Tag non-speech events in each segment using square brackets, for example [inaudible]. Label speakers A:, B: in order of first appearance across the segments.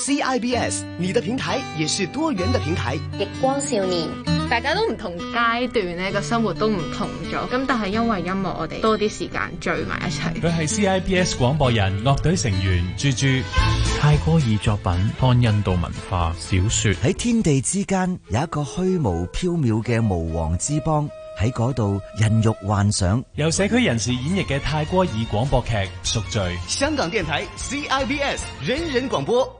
A: CIBS，你的平台也是多元的平台。極
B: 光少年，大家都唔同階段呢個生活都唔同咗。咁但係因為音樂，我哋多啲時間聚埋一齊。佢
C: 係 CIBS 廣播人，樂隊成員豬豬。泰戈爾作品《看印度文化小說》，喺天地之間
D: 有一個虛無縹緲嘅無王之邦，喺嗰度孕育幻想。
A: 由社區人士演繹嘅
C: 泰戈爾廣播劇《贖罪》。
A: 香港電台 CIBS 人人廣播。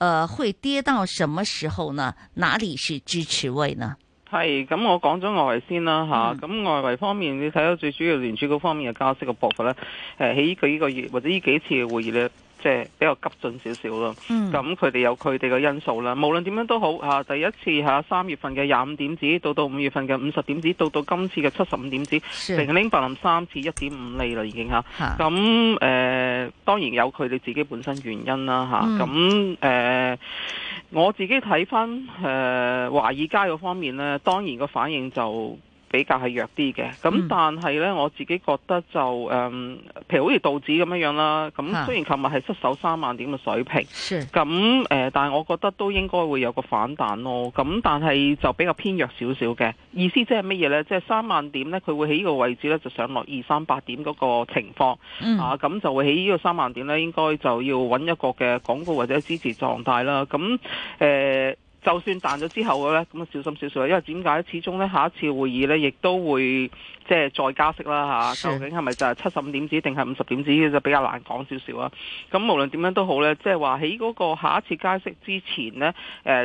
E: 誒、呃，會跌到什麼時候呢？哪裡是支持位呢？
F: 係咁，那我講咗外圍先啦吓，咁、嗯啊、外圍方面你睇到最主要聯儲局方面嘅加息嘅步伐咧，誒喺佢呢個月或者呢幾次嘅會議咧。即係比較急進少少咯，咁佢哋有佢哋嘅因素啦。嗯、無論點樣都好啊，第一次嚇三月份嘅廿五點子，到到五月份嘅五十點子，到到今次嘅七十五點子，零零八零三次一點五厘啦，已經嚇咁誒。當然有佢哋自己本身原因啦嚇，咁誒、呃、我自己睇翻誒華爾街嗰方面呢，當然個反應就比較係弱啲嘅，咁但係呢，我自己覺得就誒、嗯，譬如好似道指咁樣啦，咁雖然琴日係失守三萬點嘅水平，咁是但係我覺得都應該會有個反彈咯。咁但係就比較偏弱少少嘅意思，即係乜嘢呢？即係三萬點呢，佢會喺呢個位置呢就上落二三百點嗰個情況、嗯、啊，咁就會喺呢個三萬點呢，應該就要揾一個嘅廣告或者支持狀態啦。咁誒。呃就算彈咗之後咧，咁啊小心少少啦，因為點解始終咧下一次會議咧，亦都會即係再加息啦吓。究竟係咪就係七十五點子定係五十點子，就比較難講少少啊？咁無論點樣都好咧，即係話喺嗰個下一次加息之前咧，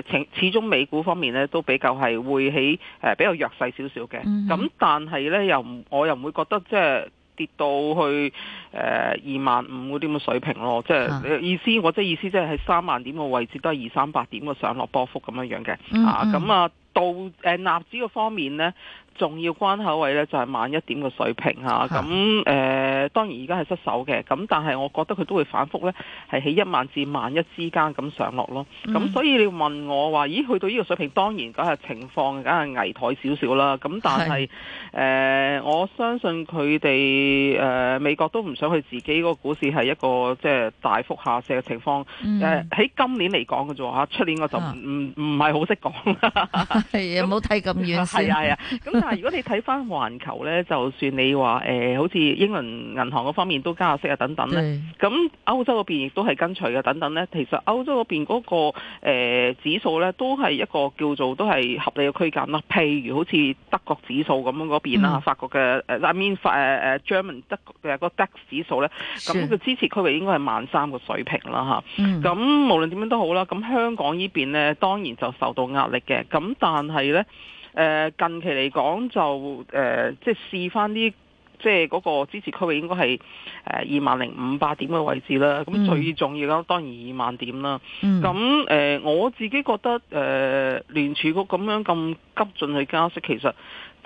F: 誒，始終美股方面咧都比較係會起誒比較弱勢少少嘅。咁、mm hmm. 但係咧又唔，我又唔會覺得即係。跌到去誒、呃、二萬五嗰啲咁嘅水平咯，即係係意思，我即係意思即係喺三萬點嘅位置都係二三百點嘅上落波幅咁樣樣嘅、嗯嗯啊，啊咁啊。到誒、呃、納指嘅方面呢，重要關口位呢就係萬一點嘅水平嚇。咁誒的、呃、當然而家係失守嘅，咁但係我覺得佢都會反覆呢，係喺一萬至萬一之間咁上落咯。咁、嗯、所以你要問我話，咦去到呢個水平，當然梗係情況梗係危殆少少啦。咁但係誒的、呃，我相信佢哋誒美國都唔想佢自己個股市係一個即係大幅下瀉嘅情況。喺、嗯呃、今年嚟講嘅啫嚇，出年我就唔唔唔係好識講。的 [laughs]
E: 係啊，冇睇咁遠。係啊係啊，
F: 咁但係如果你睇翻環球咧，就算你話誒、呃，好似英倫銀行嗰方面都加息啊等等咧，咁歐對洲嗰邊亦都係跟隨嘅等等咧。其實歐洲嗰邊嗰個誒、呃、指數咧，都係一個叫做都係合理嘅區間啦。譬如好似德國指數咁樣嗰邊啦，嗯、法國嘅誒 I mean 法誒誒、啊、German 德嘅個 DAX 指數咧，咁佢支持區域應該係萬三個水平啦吓。咁、嗯、無論點樣都好啦，咁香港這邊呢邊咧，當然就受到壓力嘅。咁但但係咧，誒近期嚟講就誒、呃，即係試翻啲，即係嗰個支持區域應該係誒二萬零五百點嘅位置啦。咁、嗯、最重要嘅當然二萬點啦。咁誒、嗯呃、我自己覺得誒、呃、聯儲局咁樣咁急進去加息，其實。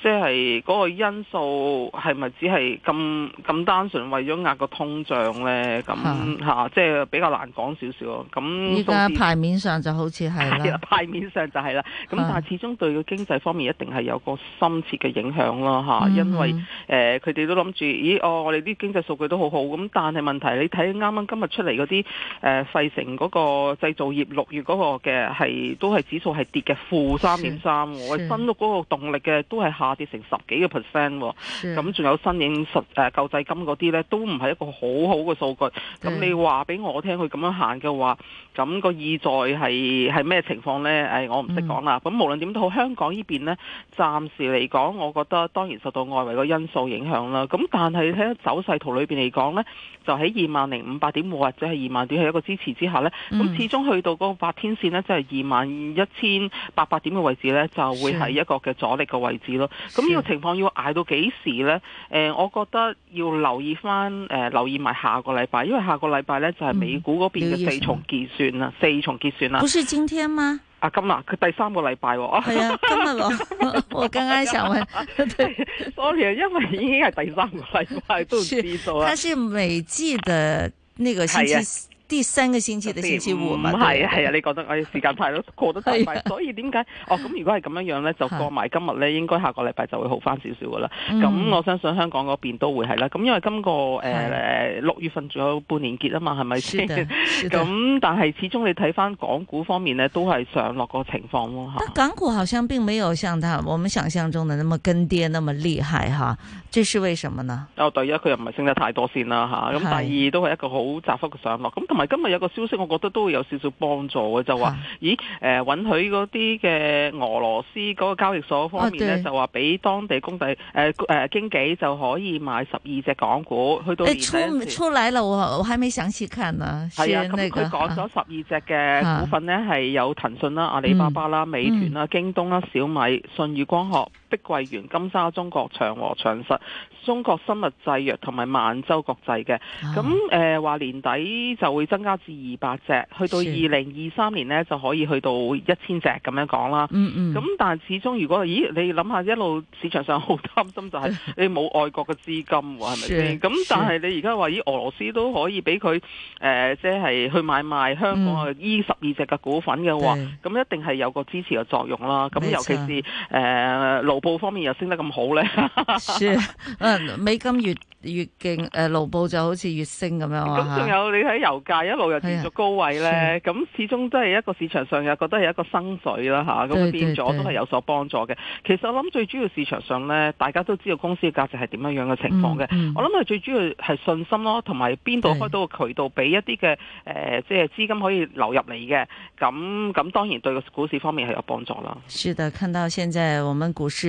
F: 即係嗰個因素係咪只係咁咁單純為咗壓個通脹咧？咁嚇，即係比較難講少少。咁依家牌面上就好似係啦，牌面上就係啦。咁但係始終對個經濟方面一定係有個深切嘅影響咯，嚇。因為誒佢哋都諗住，咦？哦，我哋啲經濟數據都好好。咁但係問題，你睇啱啱今日出嚟嗰啲誒費城嗰個製造業六月嗰個嘅係都係指數係跌嘅，負三點三。我新屋嗰個動力嘅都係下。下跌成十幾個 percent，咁仲有新影實誒救濟金嗰啲呢，都唔係一個好好嘅數據。咁的你話俾我聽，佢咁樣行嘅話，咁、嗰個意在係係咩情況呢？誒，我唔識講啦。咁無論點都好，香港呢邊呢，暫時嚟講，我覺得當然受到外圍個因素影響啦。咁但係睇喺走勢圖裏邊嚟講呢，就喺二萬零五百點或者係二萬點係一個支持之下呢，咁、嗯、始終去到嗰個八天線呢，即係二萬一千八百點嘅位置呢，就會係一個嘅阻力嘅位置咯。咁呢、嗯、個情況要捱到幾時咧、呃？我覺得要留意翻、呃、留意埋下個禮拜，因為下個禮拜咧就係美股嗰邊嘅四重結算啦，嗯、四重結算啦。不是今天嗎啊，今日？佢第三個禮拜喎。係啊，今日我
E: [laughs] [laughs] 我剛剛想問 s [laughs] o r r y 因為已經係第三個禮拜都唔知道啦。它是每季的那個星期。第三個星期的星期五嘛，唔係啊，係啊是，你
F: 覺得我時間太過多，過得太快， [laughs] 的所以點解哦？咁如果係咁樣樣咧，就過埋今日咧，的應該下個禮拜就會好翻少少噶啦。咁、嗯、我相信香港嗰邊都會係啦。咁因為今個誒誒六月份仲有半年結啊嘛，係咪先？咁但係始終你睇翻港股方面咧，都係上落個情況咯。
E: 港股好像並沒有像佢我們想象中的那麼跟跌，那麼厲害吓，這是為什麼呢？
F: 哦，第一佢又唔係升得太多先啦吓，咁、啊、第二是的都係一個好窄幅嘅上落，咁今日有個消息，我覺得都會有少少幫助嘅，就話，啊、咦，誒、呃，允許嗰啲嘅俄羅斯嗰個交易所方面咧，啊、就話俾當地工地誒誒、呃呃、經紀就可以買十二隻港股，去到年尾嗰陣時、欸、出出
E: 來了，我我還沒想細看是、那個、是啊，係啊，佢講
F: 咗十二隻嘅股份咧，係有騰訊啦、阿里巴巴啦、嗯、美團啦、嗯、京東啦、小米、舜宇光學。碧桂園、金沙中國、長和長實、中國生物製藥同埋萬洲國際嘅，咁誒話年底就會增加至二百隻，去到二零二三年呢是就可以去到一千隻咁樣講啦。嗯嗯。咁、嗯、但係始終如果咦你諗下一路市場上好擔心就係、是、 [laughs] 你冇外國嘅資金喎，係咪先？咁是但係你而家話咦，俄羅斯都可以俾佢誒，即、呃、係、就是、去買賣香港呢十二隻嘅股份嘅喎，咁、嗯、一定係有個支持嘅作用啦。咁尤其是誒、呃盧布方面又升得咁好咧，嗯 [laughs] 、
E: 啊，美金越越勁，誒、呃，盧布就好似越升咁樣咁，仲有
F: 你喺油價一路又跌咗高位咧，咁、哎、始終都係一個市場上又覺得係一個生水啦吓，咁變咗都係有所幫助嘅。其實我諗最主要市場上咧，大家都知道公司嘅價值係點樣樣嘅情況嘅。嗯嗯、我諗係最主要係信心咯，同埋邊度開到個渠道俾對一啲嘅誒，即係資金可以流入嚟嘅。咁咁當然對個股市方面係有幫助啦。
E: 是的，看到現在我們股市。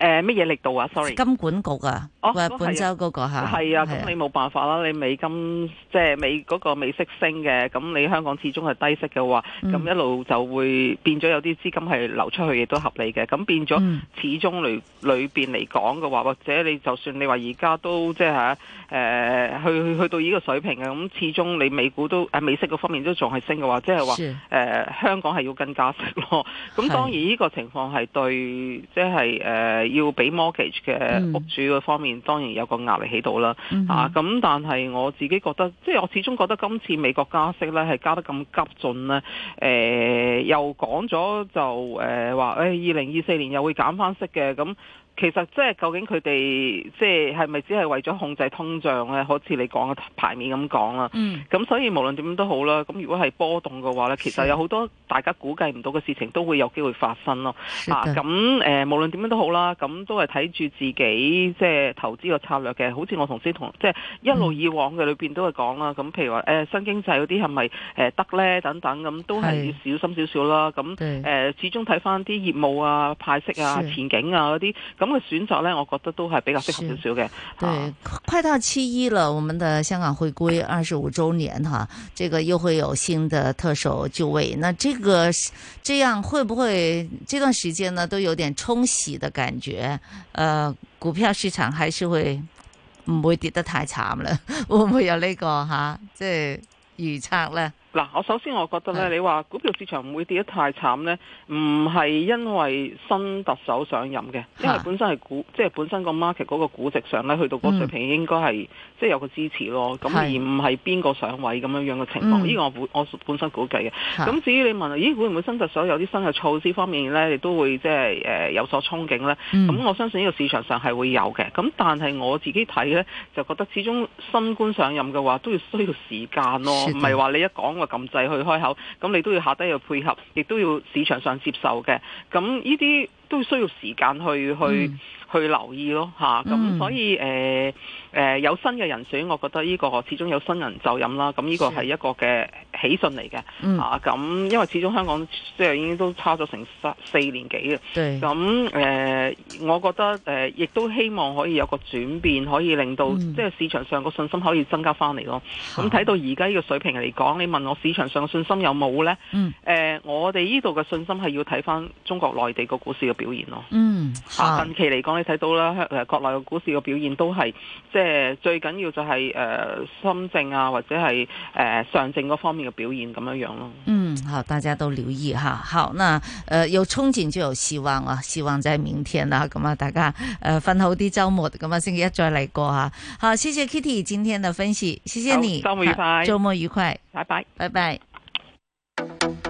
E: 誒咩嘢力
B: 度啊？sorry，金
E: 管局啊，或本周嗰個嚇，係啊，咁、啊、你
F: 冇辦法啦。啊、你美金即係、就是、美嗰、那個美息升嘅，咁你香港始終係低息嘅話，咁、嗯、一路就會變咗有啲資金係流出去，亦都合理嘅。咁變咗始終裏裏邊嚟講嘅話，嗯、或者你就算你話而家都即係嚇誒去去，去到呢個水平啊，咁始終你美股都誒美息嗰方面都仲係升嘅話，即係話誒香港係要更加息咯。咁當然呢個情況係對，即係誒。呃要俾 mortgage 嘅屋主嗰方面，當然有個壓力喺度啦。Mm hmm. 啊，咁但係我自己覺得，即係我始終覺得今次美國加息咧，係加得咁急進咧，誒、呃，又講咗就誒話，誒、呃，二零二四年又會減翻息嘅咁。其實即係究竟佢哋即係係咪只係為咗控制通脹咧？好似你講嘅牌面咁講啦。咁、嗯、所以無論點都好啦，咁如果係波動嘅話咧，的其實有好多大家估計唔到嘅事情都會有機會發生咯。嗱的，咁、啊呃、無無論點樣都好啦，咁都係睇住自己即係、呃、投資個策略嘅。好似我頭先同即係一路以往嘅裏面都係講啦。咁、嗯、譬如話、呃、新經濟嗰啲係咪誒得咧？等等咁都係要小心少少啦。咁誒的、呃、始終睇翻啲業務啊、派息啊、的前景啊嗰啲咁。咁嘅選擇咧，我覺得都係比較適合少
E: 少嘅。對，啊、快到七一了，我們的香港回歸二十五周年哈、啊，這個又會有新的特首就位，那這個這樣會不會這段時間呢都有點沖喜的感覺？呃，股票市場還是會唔會跌得太慘啦？ [laughs] 會唔會有呢、這個吓？即、啊、係、就是、預測咧？嗱，我首先我
F: 覺得咧，你話股票市場唔會跌得太慘咧，唔係因為新特首上任嘅，因為本身係股，即係本身個 market 嗰個估值上咧，去到嗰個水平應該係。即係有個支持咯，咁而唔係邊個上位咁樣樣嘅情況，呢、嗯、個我本，我本身估計嘅。咁至於你問，咦會唔會新特首有啲新嘅措施方面呢？亦都會即係誒有所憧憬呢。咁、嗯、我相信呢個市場上係會有嘅。咁但係我自己睇呢，就覺得始終新官上任嘅話都要需要時間咯，唔係話你一講話禁制去開口，咁你都要下低要配合，亦都要市場上接受嘅。咁呢啲，都需要時間去、嗯、去去留意咯，咁、啊嗯、所以誒誒、呃呃、有新嘅人選，我覺得呢個始終有新人就任啦，咁、啊、呢、呢個係一個嘅喜訊嚟嘅嚇，咁、嗯啊、因為始終香港即係已經都差咗成四,四年幾嘅，咁誒對、啊、我覺得誒、呃、亦都希望可以有個轉變，可以令到、嗯、即係市場上個信心可以增加翻嚟咯。咁睇、啊、到而家呢個水平嚟講，你問我市場上個信心有冇呢？誒、嗯呃，我哋呢度嘅信心係要睇翻中國內地個股市嘅。表現咯，嗯，近期嚟講，你睇到啦，誒，國內嘅股市嘅表現都係，即係最緊要就係誒深證啊，或者係誒、呃、上證嗰方面嘅表現咁樣樣咯。嗯，
E: 好，大家都留意下，好，那誒有、呃、憧憬就有希望啊，希望在明天啦，咁啊，大家誒瞓、呃、好啲周末，咁啊，星期一再嚟過吓、啊。好，謝謝 Kitty 今天嘅分析，謝謝你，周末愉快，周末愉快，拜拜，拜拜。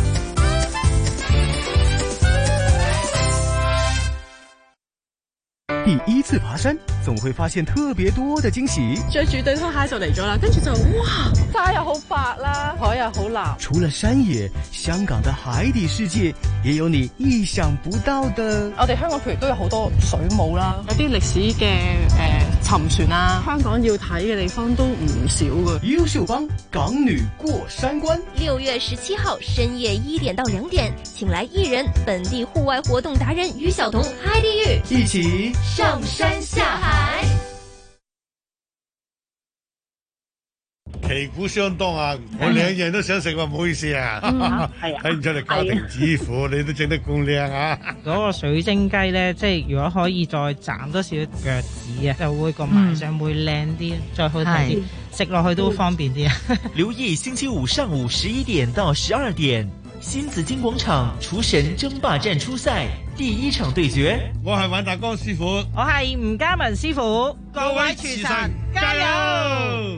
A: 第一次爬山，總會發現特別多的驚喜。
G: 着住對拖鞋就嚟咗啦，跟住就哇，山又好白啦，海又好藍。
A: 除了山野，香港的海底世界也有你意想不到的。
G: 我哋香港譬如都有好多水母啦，有啲歷史嘅，誒。呃沉船啊！香港要睇嘅地方都唔少噶。優秀幫港女
H: 過山關。六月十七號深夜一點到兩點，請來藝人本地戶外活動達人于小彤嗨地
I: 獄，
A: 一起
J: 上
I: 山下海。
K: 旗鼓相當啊！我兩樣都想食啊，唔好意思啊。睇唔出你家庭主婦，你都整得咁靚啊！
L: 個水晶雞咧，即係如果可以再斬多少腳趾啊，就會個賣相會靚啲，再好睇啲，食落去都方便啲啊！
M: 留意星期五上午十一點到十二點，新紫荊廣場廚神爭霸戰初賽第一場對決。我係尹達江師傅，我係吳嘉文師傅，
H: 各位廚神加油！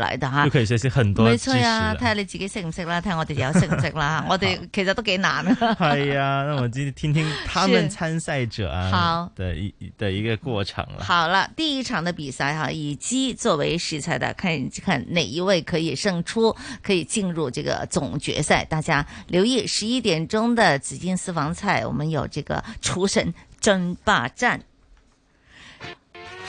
E: 來的哈，就可以學習很多的，沒錯呀、啊，睇下你自己識唔識啦，睇下我哋有識唔識啦。 [laughs] 我哋其實都幾難啊。係啊
M: [laughs] 哎，那我今天聽聽他們參賽者啊，好的一的一個過程啦。 [laughs] 好，
E: 好了，第一場的比賽哈，以雞作為食材的，看看哪一位可以勝出，可以進入這個總決賽。大家留意十一點鐘的紫荊私房菜，我們有這個廚神爭霸戰。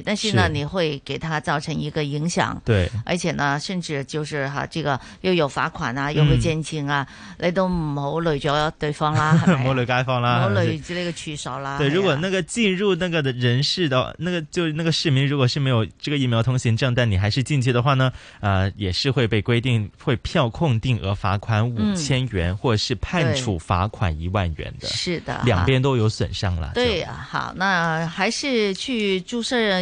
E: 但是呢，你會給他造成一個影響，對，而且呢，甚至就是哈，這個又有罰款啊，又會監禁啊，你都唔好累咗對方啦，
M: 唔好累街坊啦，唔好累住
E: 呢個廁所啦。對，如
M: 果那個進入那個的人士的，那個就那個市民，如果是沒有這個疫苗通行證，但你還是進去的話呢，呃，也是會被規定會票控定額罰款五千元，或者是判處罰款一萬元的。是的，兩邊都有損傷了。
E: 對啊，好，那還是去注射。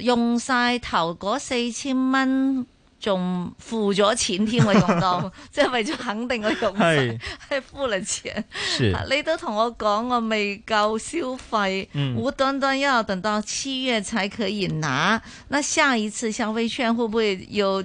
E: 用晒頭嗰四千蚊，仲付咗錢添，我用到， [laughs] 即係為咗肯定我用晒，晒係 [laughs] 是付嚟了錢。 [laughs] 是你都同我講，我未夠消費，嗯、無端端要等到七月才可以拿。那下一次消費券會唔會有？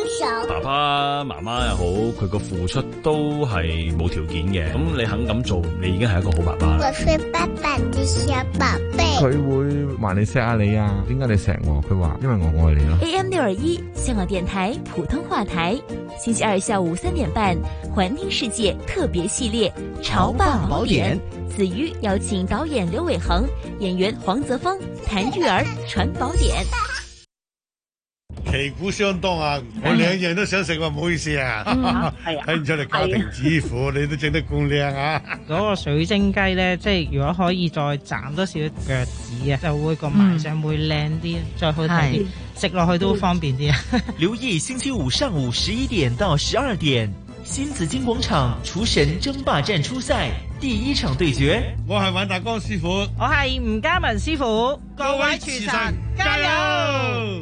N: 有爸爸、
C: 媽媽又好，佢個付出都係冇條件嘅。咁你肯咁做，你已經係一個好爸爸。我係爸爸
N: 嘅小寶貝。
O: 佢
C: 會話你錫啊你啊，點解你錫我？佢話因為我愛你咯。
O: AM 六二一香港電台普通話台，星期二下午三點半，環聽世界特別系列《潮爆寶典》寶典，子瑜邀請導演劉偉恒、演員黃澤峰、譚玉兒傳寶典。 [laughs]
K: 旗鼓相當啊！我兩樣都想食，話唔好意思啊。睇唔出你家庭主婦，你都整得
L: 咁靚啊！嗰個水晶雞咧，即係如果可以再斬多少腳趾啊，
M: 就會個賣相會靚啲，再好睇啲，
L: 食落去都方便啲啊！
M: 留意星期五上午十一點到十二點，新紫荊廣場廚神爭霸戰初賽第一場對決。我係黃達光師傅，我係吳嘉文師傅，
L: 各位廚神加油！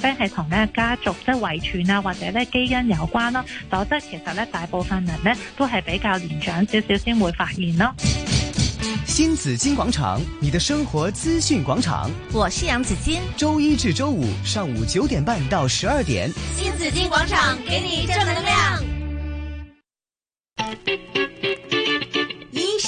E: 係同
B: 咧家族即係遺傳啊，或者咧基因有關咯。否則其實咧，大部分人咧都係比較年長少少先會發現咯。
A: 新紫荊廣場，你的生活資訊廣場。我是楊紫金。周一至周五上午九點半到十二點。
H: 新紫荊廣場，
N: 給你正能
P: 量。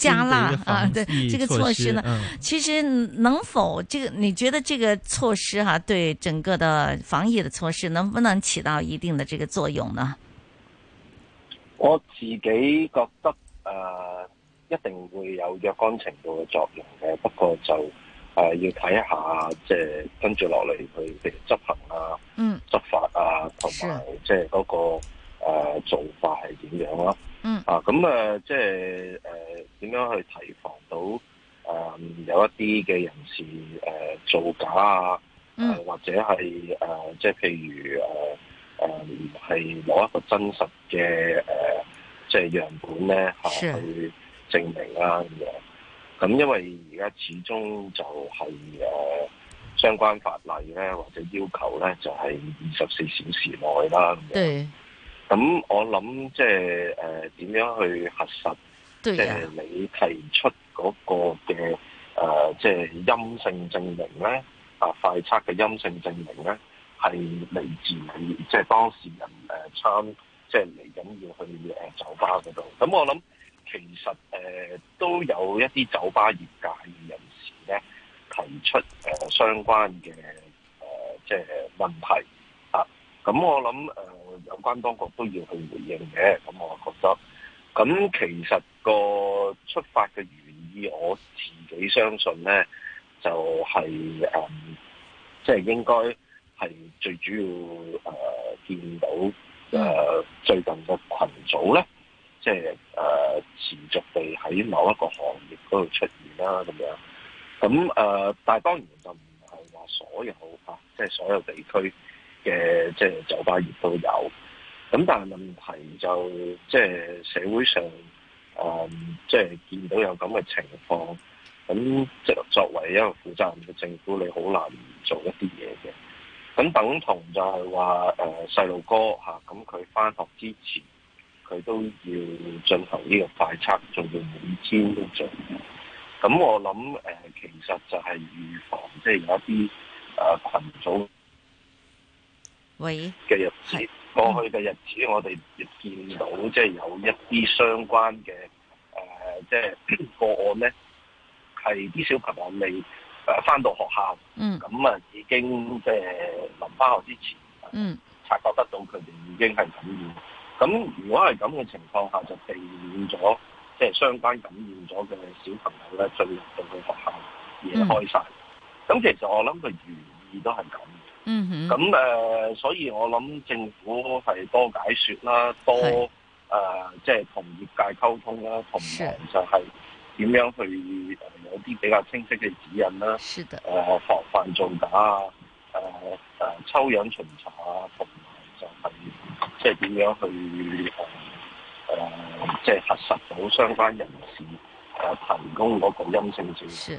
E: 加辣啊！對，這個措施呢，嗯、其實能否這個你覺得這個措施哈、啊，對整個的防疫的措施，能不能起到一定的這個作用呢？
Q: 我自己覺得誒、呃，一定會有若干程度嘅作用嘅，不過就誒、呃、要睇一下即係、就是、跟住落嚟去嘅執行啊、嗯、執法啊同埋即係嗰個誒做法係點樣咯、啊。嗯啊，咁、嗯、啊、嗯嗯、即係誒，點、呃、樣去提防到誒、呃、有一啲嘅人士誒、呃、造假啊、呃？或者係誒、呃，即係譬如誒誒，係、呃、攞一個真實嘅誒、呃，即係樣本咧，去證明啦咁樣。咁、啊嗯、因為而家始終就係、是、誒、呃，相關法例咧或者要求咧，就係二十四小時內啦。對。咁我諗、就是，即係誒，點樣去核實？即係呀你提出嗰個嘅誒，即係陰性證明咧，啊，快測嘅陰性證明咧，係嚟自即係、就是、當事人誒參，即係嚟緊要去誒酒吧嗰度。咁我諗，其實誒、呃、都有一啲酒吧業界嘅人士咧，提出誒、呃、相關嘅誒、呃、即係問題啊。咁我諗誒。有關當局都要去回應嘅，咁我覺得，咁其實個出發嘅原意，我自己相信咧，就係、是、誒，即、嗯、係、就是、應該係最主要誒、呃，見到誒、呃、最近嘅群組咧，即係誒持續地喺某一個行業嗰度出現啦，咁樣。咁、嗯、誒、呃，但係當然就唔係話所有嚇，即、啊、係、就是、所有地區。嘅即係酒吧業都有，咁但係問題就即係、就係、社會上即係、嗯就係、見到有咁嘅情況，咁作作為一個負責任嘅政府，你好難做一啲嘢嘅。咁等同就係話細路哥嚇，咁佢返學之前，佢都要進行呢個快測，做到每天都做。咁我諗、呃、其實就係預防，即、就、係、是、有一啲、呃、群組。嘅喂日子，是過去嘅日子，嗯、我哋見到即係、就是、有一啲相關嘅誒，即係個案咧，係、就、啲、是、 [coughs] 小朋友未誒返到學校，咁啊、嗯、已經即係臨返學之前，
R: 嗯、
Q: 察覺得到佢哋已經係感染。咁如果係咁嘅情況下，就避免咗即係相關感染咗嘅小朋友咧進入到嘅學校，
R: 野開
Q: 晒。咁、嗯、其實我諗佢原意都係咁。嗯哼，咁誒、呃，所以我諗政府係多解說啦，多誒，即係是、呃就是、同業界溝通啦，同埋就係點樣去、呃、有啲比較清晰嘅指引啦。是誒的、呃，防範造假啊，誒、呃、誒，抽樣巡查啊，同埋就係即係點樣去誒即係核實到相關人士誒提供嗰個陰性證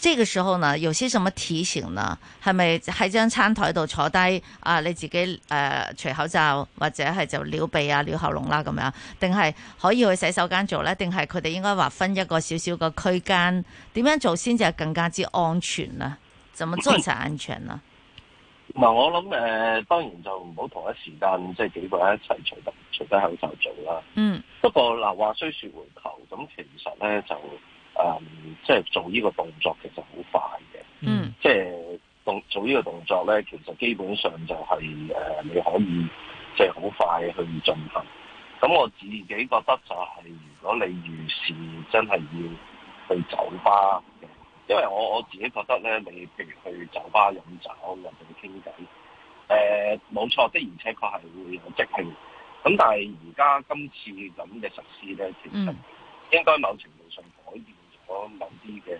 E: 這個時候呢，有些什麼提醒呢？係咪喺張餐台度坐低啊？你自己誒，除、呃、口罩或者係就撩鼻啊、撩喉嚨啦咁樣，定係可以去洗手間做呢？定係佢哋應該劃分一個少少嘅區間？點樣做先至係更加之安全呢？怎麼做才安全呢？
Q: 嗱、嗯，我諗誒，當然就唔好同一時間即係幾個人一齊除得除得口罩做啦。嗯。不過嗱，話雖說回頭，咁其實呢就。誒，即係、嗯就是、做呢個動作其實好快嘅，嗯，即係動做呢個動作咧，其實基本上就係誒你可以即係好快去進行。咁我自己覺得就係如果你如是真係要去酒吧嘅，因為我我自己覺得咧，你譬如去酒吧飲酒或者傾偈，誒冇錯的，而且確係會有即興。咁但係而家今次咁嘅實施咧，其實應該某程度。我某啲嘅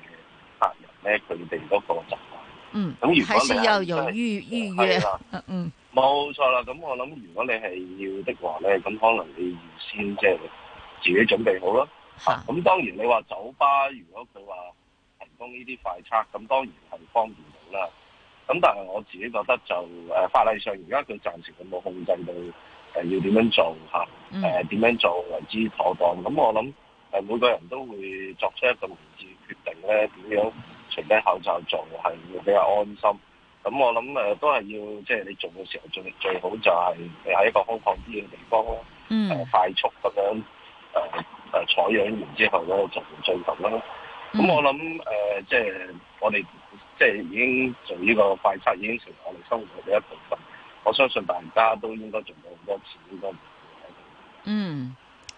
Q: 客人咧，佢哋嗰個習慣，嗯，咁如
R: 果你又係，係先有於預約，吧嗯，
Q: 冇錯啦。咁我諗，如果你係要的話咧，咁可能你先即係自己準備好咯。
R: 咁、啊啊、當
Q: 然你話酒吧，如果佢話提供呢啲快測，咁當然係方便到啦。咁但係我自己覺得就誒、呃、法例上，而家佢暫時佢冇控制到誒、呃、要點樣做嚇，誒、呃、點樣做為之妥當。咁我諗。嗯係每個人都會作出一個明智決定咧，點樣除低口罩做係會比較安心。咁我諗誒、呃、都係要，即係你做嘅時候，最最好就係你喺一個空曠啲嘅地方咯。嗯、mm. 呃。快速咁樣誒誒、呃、採樣完之後嗰度就做消毒啦。
R: 咁我諗
Q: 誒、呃，即係我哋即係已經做呢個快測，已經成為我哋生活嘅一部分。我相信大家都應該做到好多次，應該唔會。嗯。
E: Mm.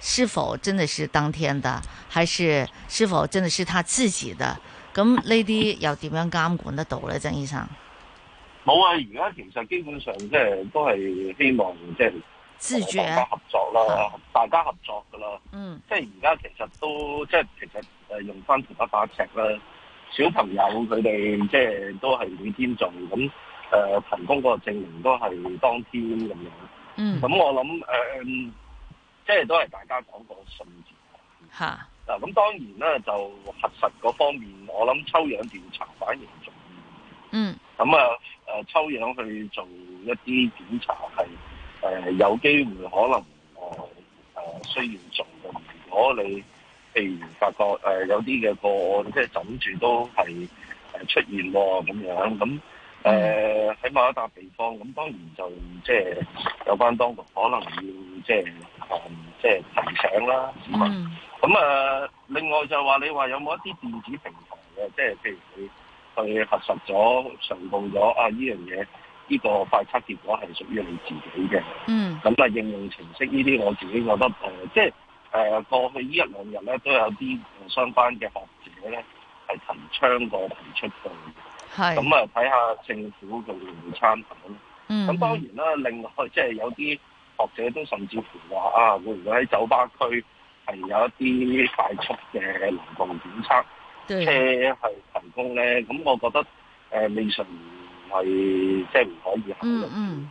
E: 是否真的是當天的，還是是否真的是他自己的？咁呢啲又點樣監管得到咧？鄭醫生，
Q: 冇啊！而家其實基本上即係都係希望即係
E: 自主合作啦，覺大家
R: 合
Q: 作噶啦，啊、大家合作嘅啦，嗯，即係而家其實都即係其實誒用翻同一把尺啦，小朋友佢哋即係都係每天做咁誒，提供嗰個證明都係當天咁樣，嗯，咁我諗誒。呃即係都係大家講個信字。嚇嗱、啊，咁當然啦，就核實嗰方面，我諗抽樣調查反而重要。嗯，咁啊，誒抽樣去做一啲檢查係誒、啊、有機會可能誒誒、啊、需要做嘅。如果你譬如發覺誒、啊、有啲嘅個案，即係枕住都係誒出現喎咁樣咁。啊誒喺、 [noise] 呃、某一笪地方，咁當然就即係、就是、有關當局可能要即係即係提醒啦。咁啊、 [noise] 嗯，另外就話你話有冇一啲電子平台嘅，即係譬如你去核實咗、上報咗啊依樣嘢，呢、這個快測結果係屬於你自己嘅。 [noise] [noise] 嗯。咁啊，應用程式呢啲我自己覺得誒，即係誒過去呢一兩日咧，都有啲相關嘅學者咧係提倡過提出過。係，咁啊睇下政府佢會唔會參與咯。咁、
R: 嗯嗯、當然
Q: 啦，另外即係有啲學者都甚至乎話啊，會唔會喺酒吧區係有一啲快速嘅能動檢測車係提供咧？咁我覺得誒、呃，未純唔係即係唔可以考
R: 慮。嗯嗯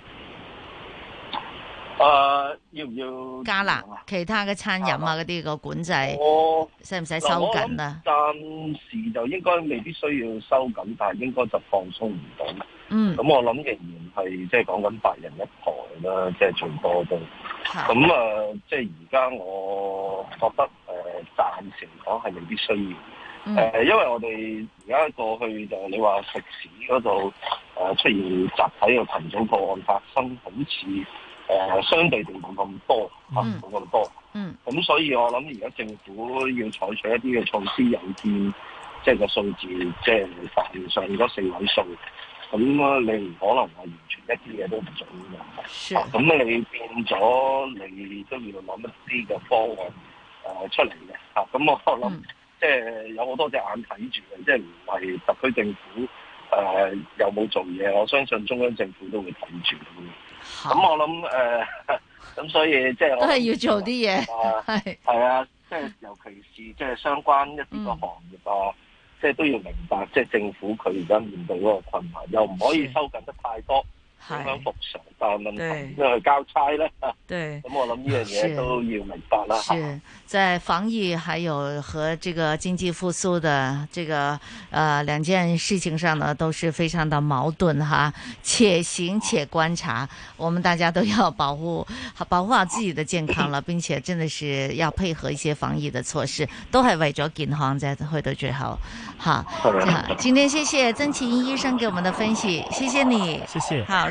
E: 誒，uh, 要唔要加辣勒啊？其他嘅餐飲啊，嗰啲個管制，我使唔使收緊啊？
Q: 暫時就應該未必需要收緊，但係應該就放鬆唔到。嗯，咁我諗仍然係即係講緊八人一台啦，即係最多都。咁啊是，即係而家我覺得誒，暫時講係未必需要。
R: 誒、嗯呃，因為
Q: 我哋而家過去就你話食肆嗰度誒出現集體嘅群組個案發生，好似。誒、呃，相對地冇咁多，吓冇咁多，咁、嗯嗯、所以我諗而家政府要採取一啲嘅措施，有變即係個數字，即係現上咗四位數，咁你唔可能話完全一啲嘢都唔做嘅，咁的、啊、你變咗你都要諗一啲嘅方案誒出嚟嘅，吓、啊、咁我諗、嗯、即係有好多隻眼睇住嘅，即係唔係特區政府誒有冇做嘢，我相信中央政府都會睇住嘅。咁我諗誒，咁、呃、所以即係、即係、都係要做啲嘢，係係啊，即係尤其是即係相關一啲個行業啊，即係、嗯、都要明白，即、就、係、係、政府佢而家面對嗰個困難，又唔可以收緊得太多。係交差啦。對，咁我諗呢樣嘢都要明白啦。係，
E: 在防疫還有和這個經濟復蘇的這個，呃，兩件事情上呢，都是非常的矛盾哈。且行且觀察，我們大家都要保護好，保護好自己的健康了，並且真的是要配合一些防疫的措施，都係為咗健康在做到最好。好，好，今天謝謝曾其英醫，醫生給我們的分析，謝謝你，謝謝，好。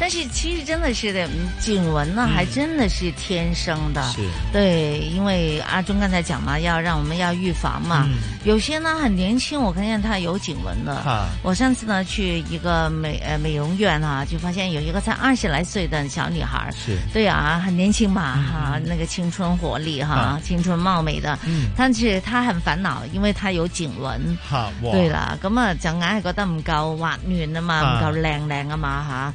E: 但是其實真的是的，頸紋呢還真的是天生的。是。對，因為阿忠剛才講嘛，要讓我們要預防嘛。嗯。有些呢很年輕，我看見她有頸紋了。哈。我上次呢去一個美呃美容院啊，就發現有一個才二十來歲的小女孩。是。對啊，很年輕嘛哈，那個青春活力哈，青春貌美的。嗯。但是她很煩惱，因為她有頸紋。對了，咁啊就硬係覺得唔夠滑嫩啊嘛，唔夠靚靚啊嘛哈。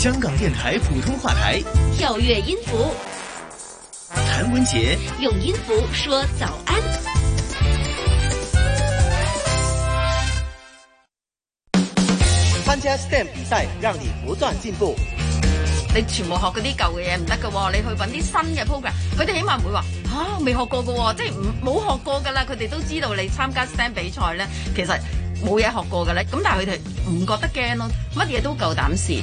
A: 香港電台普通話台，
H: 跳躍音符，
A: 譚文傑
H: 用音符說早安。
A: 參加 STEM 比賽，讓你不斷進步。
E: 你全部學嗰啲舊嘅嘢唔得噶，你去揾啲新嘅 program，佢哋起碼唔會話啊未學過噶，哦，即係唔冇學過噶啦。佢哋都知道你參加 STEM 比賽咧，其實冇嘢學過噶咧。咁但係佢哋唔覺得驚咯，乜嘢都夠膽試。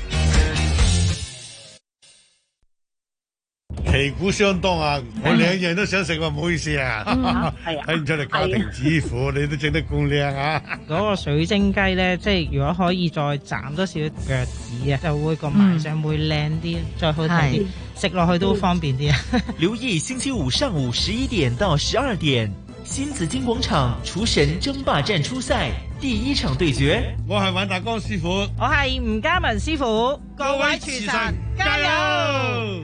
K: 旗鼓相當啊！我兩樣都想食喎，唔好意思啊。睇唔出你家庭煮夫你
L: 都整得咁靚啊！嗰個水晶雞咧，即係如果可以再斬多少腳趾啊，就會個賣相會靚啲，再好睇啲，食落去都方便啲啊！
M: 留意星期五上午十一點到十二點，新紫荊廣場廚神爭霸戰初賽第一場對決。我係玩大哥師傅，我係吳嘉
L: 文師傅，各位廚神
R: 加油！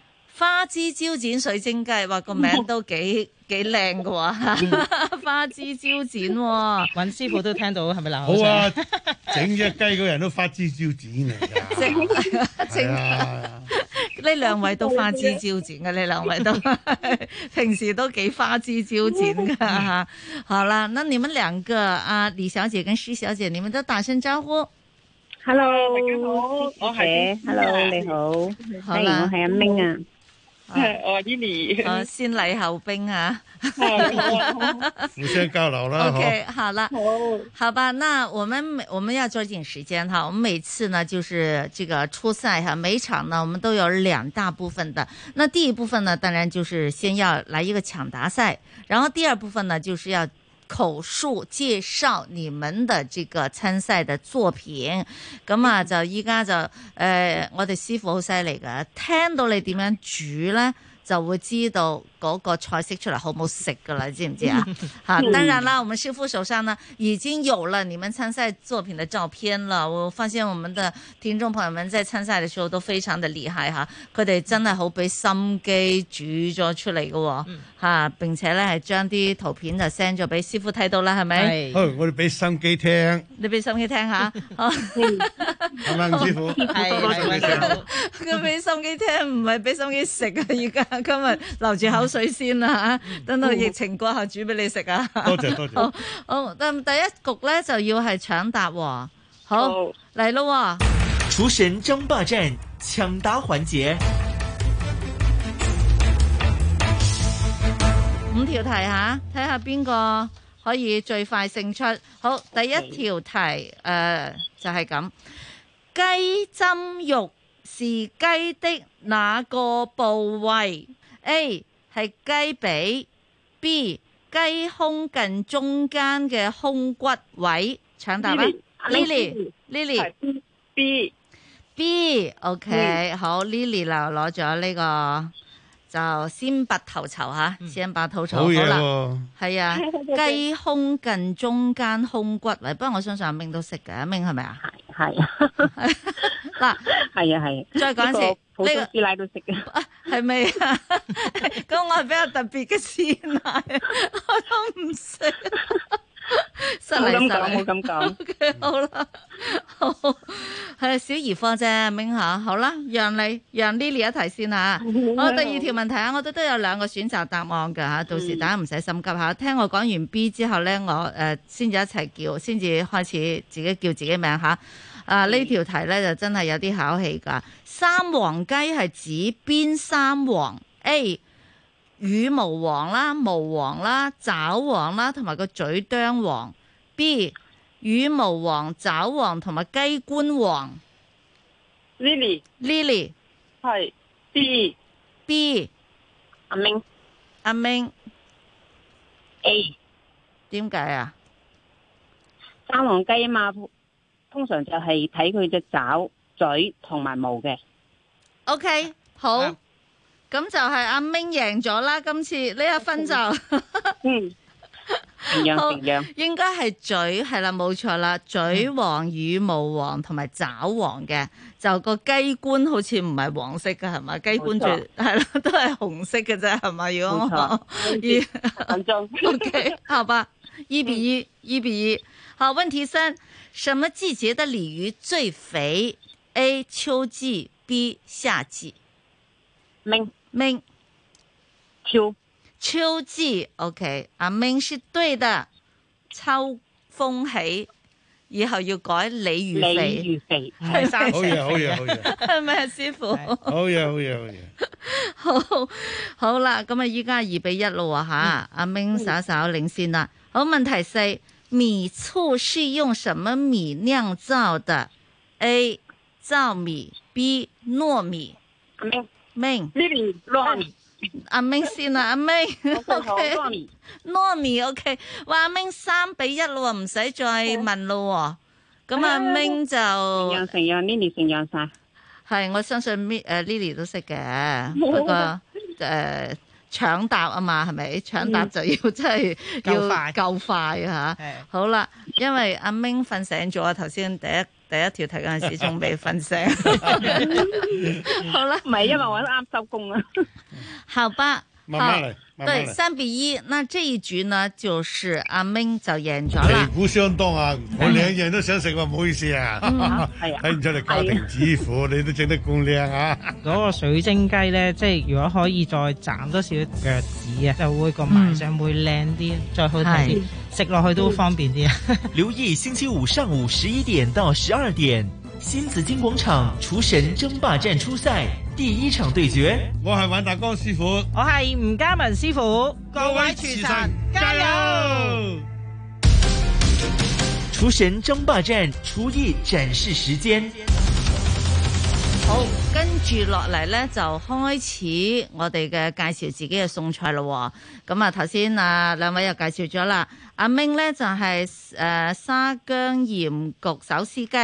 E: 花枝招展水晶雞，話個名都幾幾靚嘅
L: 花枝招展、哦，尹師傅都聽到
E: 係咪啦？哇、啊！
K: 整隻雞個雞人都花枝招展嚟，
E: [laughs] 整係呢兩位都花枝招展嘅，呢兩位都平時都幾花枝招展嘅吓。嗯、好啦，那你們兩個啊，李小姐跟施小姐，你們都打聲招呼。Hello，大家好，我係 Hello,
B: Hello，你好，係啦我係阿明啊。
E: 係我係妮妮，我先禮後兵啊！好好
K: 好 [laughs] 你先告老了 O、okay,
E: K，好了好，好吧，那我們每我們要抓緊時間哈，我們每次呢就是這個初賽哈，每場呢我們都有兩大部分的，那第一部分呢當然就是先要來一個搶答賽，然後第二部分呢就是要。口述介紹你們的這個參賽的作品，咁啊就依家就誒、呃，我哋師傅好犀利㗎，聽到你點樣煮咧。就會知道嗰個菜式出嚟好唔好食噶啦，你知唔知啊？吓，當然啦，我們師傅手上呢已經有了你們參賽作品的照片啦。我發現我們的聽眾朋友們在參賽的時候都非常的厲害吓，佢哋真係好俾心機煮咗出嚟噶，吓，並且咧係將啲圖片就 send 咗俾師傅睇到啦，係咪？
K: 我哋俾心機聽，
E: 你俾心機聽下。係咪吳師傅？佢俾心機聽，唔係俾心機食啊，而家。今日留住口水先啦，吓、 [laughs] 啊，等到疫情過後煮俾你食啊多！多謝多謝。好，咁第一局咧就要係搶答喎、哦。好，嚟啦、oh. 咯！
M: 廚神爭霸戰搶答環節，
E: 五條題吓、啊，睇下邊個可以最快勝出。好，第一條題誒 Okay.、呃，就係、是、咁，雞針肉是雞的。哪個部位？A 係雞髀，B 雞胸近中間嘅胸骨位，搶答啦！Lily，Lily，B，B，OK，好，Lily 嗱，攞咗呢個就先拔頭籌吓，先
B: 拔頭籌好啦，係
E: 啊，雞胸近中間胸骨位，不過我相信阿明都識嘅，阿明係咪啊？係，
B: 嗱，係啊，係，再
E: 講一次。呢個師奶都食嘅，係咪啊？咁 [laughs] 我係比較特別嘅師奶，我都唔食。失禮曬。冇咁講，冇咁講。好啦，好係小兒科啫，明嚇？好啦，讓你讓 Lily 一提先嚇。冇。 [laughs] 我第二條問題啊，我哋都，都有兩個選擇答案嘅嚇，到時大家唔使心急嚇，聽我講完 B 之後咧，我誒先至一齊叫，先至開始自己叫自己名嚇。啊！這條題呢條題咧就真係有啲考氣㗎，三黃雞係指邊三黃？A 羽毛黃啦、毛黃啦、爪黃啦，同埋個嘴啄黃。B 羽毛黃、爪黃同埋雞冠黃。Lily，Lily 係 Lily, B B 阿明阿明
N: A
B: 點解啊？三黃雞吖嘛。通常就係睇佢隻爪、嘴同埋
E: 毛嘅。O、okay, K，好，咁、啊、就係阿明贏咗啦。今次呢一分就，嗯，平樣 [laughs] 好平樣壤，應該係嘴係啦，冇錯啦，嘴黃、羽毛、嗯、黃同埋爪黃嘅，就個雞冠好似唔係黃色嘅，係咪雞冠就係咯，都係紅色嘅啫，係咪如果我，我講穩中。 [laughs] [laughs] o、okay, K，好吧，二比二，二比二。好，問題三，什麼季節的鯉魚最肥？A. 秋季 B. 夏季。明明秋秋季，OK，阿、啊、明是對的。秋風起，以後要改鯉魚肥。鯉魚肥，三好嘢，啊啊、好嘢，是是好嘢。係咪呀師傅？好嘢，好嘢，好嘢。好好啦，咁啊，依家二比一咯，吓、啊，阿明稍稍領先啦。好，問題四。米醋是用什麼米釀造的？A. 糙米 B. 糯米。阿明，阿明，Lily 糯米。阿明先啦，阿明。O.K.
B: 糯米，O.K. 哇，阿明
E: 三比一了，唔使再問了。咁阿明就
B: 成樣成樣，Lily 成樣晒。
E: 係，我相信咪誒 Lily 都識嘅，不過誒。搶答啊嘛，係咪搶答就要真係要、嗯、夠快夠快嚇？啊、的好啦，因為阿明瞓醒咗，頭先第一第一條題嗰陣時仲未瞓醒。
B: [laughs] [laughs] 好啦吧，唔係因為我啱收工啊。好吧。慢慢嚟，啊、慢慢對三
E: 比一，那這一局呢，就是阿明就贏咗啦。旗鼓相當啊，我兩
K: 樣都想食啊，唔、哎、呀好意思啊。係、 [laughs] 嗯、啊，睇、哎、唔出你家庭主婦、哎呀，你都整得咁靚
L: 啊。嗰個水晶雞咧，即係如果可以再斬多少腳趾啊，就會個賣相會靚啲，再、嗯、好睇啲，食落是去都方便啲啊。
M: [laughs] 留意星期五上午十一點到十二點，新紫荊廣場廚神爭霸戰初賽。第一,一場對決，我係尹達光師傅，我係吳嘉文師傅，
L: 各位廚神加油！
M: 廚神爭霸戰廚藝展示時間，
E: 好，跟住落嚟咧就開始我哋嘅介紹自己嘅餸菜咯、哦。咁啊，頭先啊兩位又介紹咗啦，阿明咧就係、是、誒、呃、沙薑鹽焗手撕雞，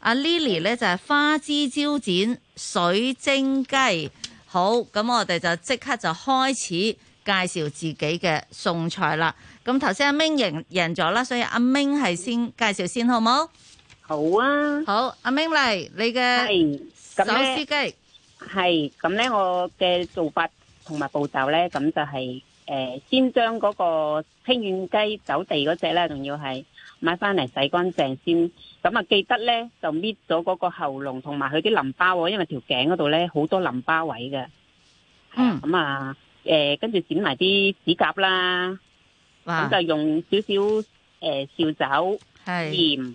E: 阿、啊、Lily 咧就係、是、花枝招展，水晶雞。好，咁我哋就即刻就開始介紹自己嘅餸菜啦。咁頭先阿明贏贏咗啦，所以阿明係先介紹
B: 先好冇？好啊。好，阿明嚟，你嘅手撕雞係咁咧？係咁咧，我嘅做法同埋步驟咧，咁就係誒，先將嗰個清遠雞走地嗰隻咧，仲要係買翻嚟洗乾淨先。咁啊，記得咧就搣咗嗰個喉嚨同埋佢啲淋巴，哦，因為條頸嗰度咧好多淋巴位嘅。嗯。咁啊，誒、呃，跟住剪埋啲指甲啦，咁就哇用少少誒、紹、呃、酒、是鹽、誒、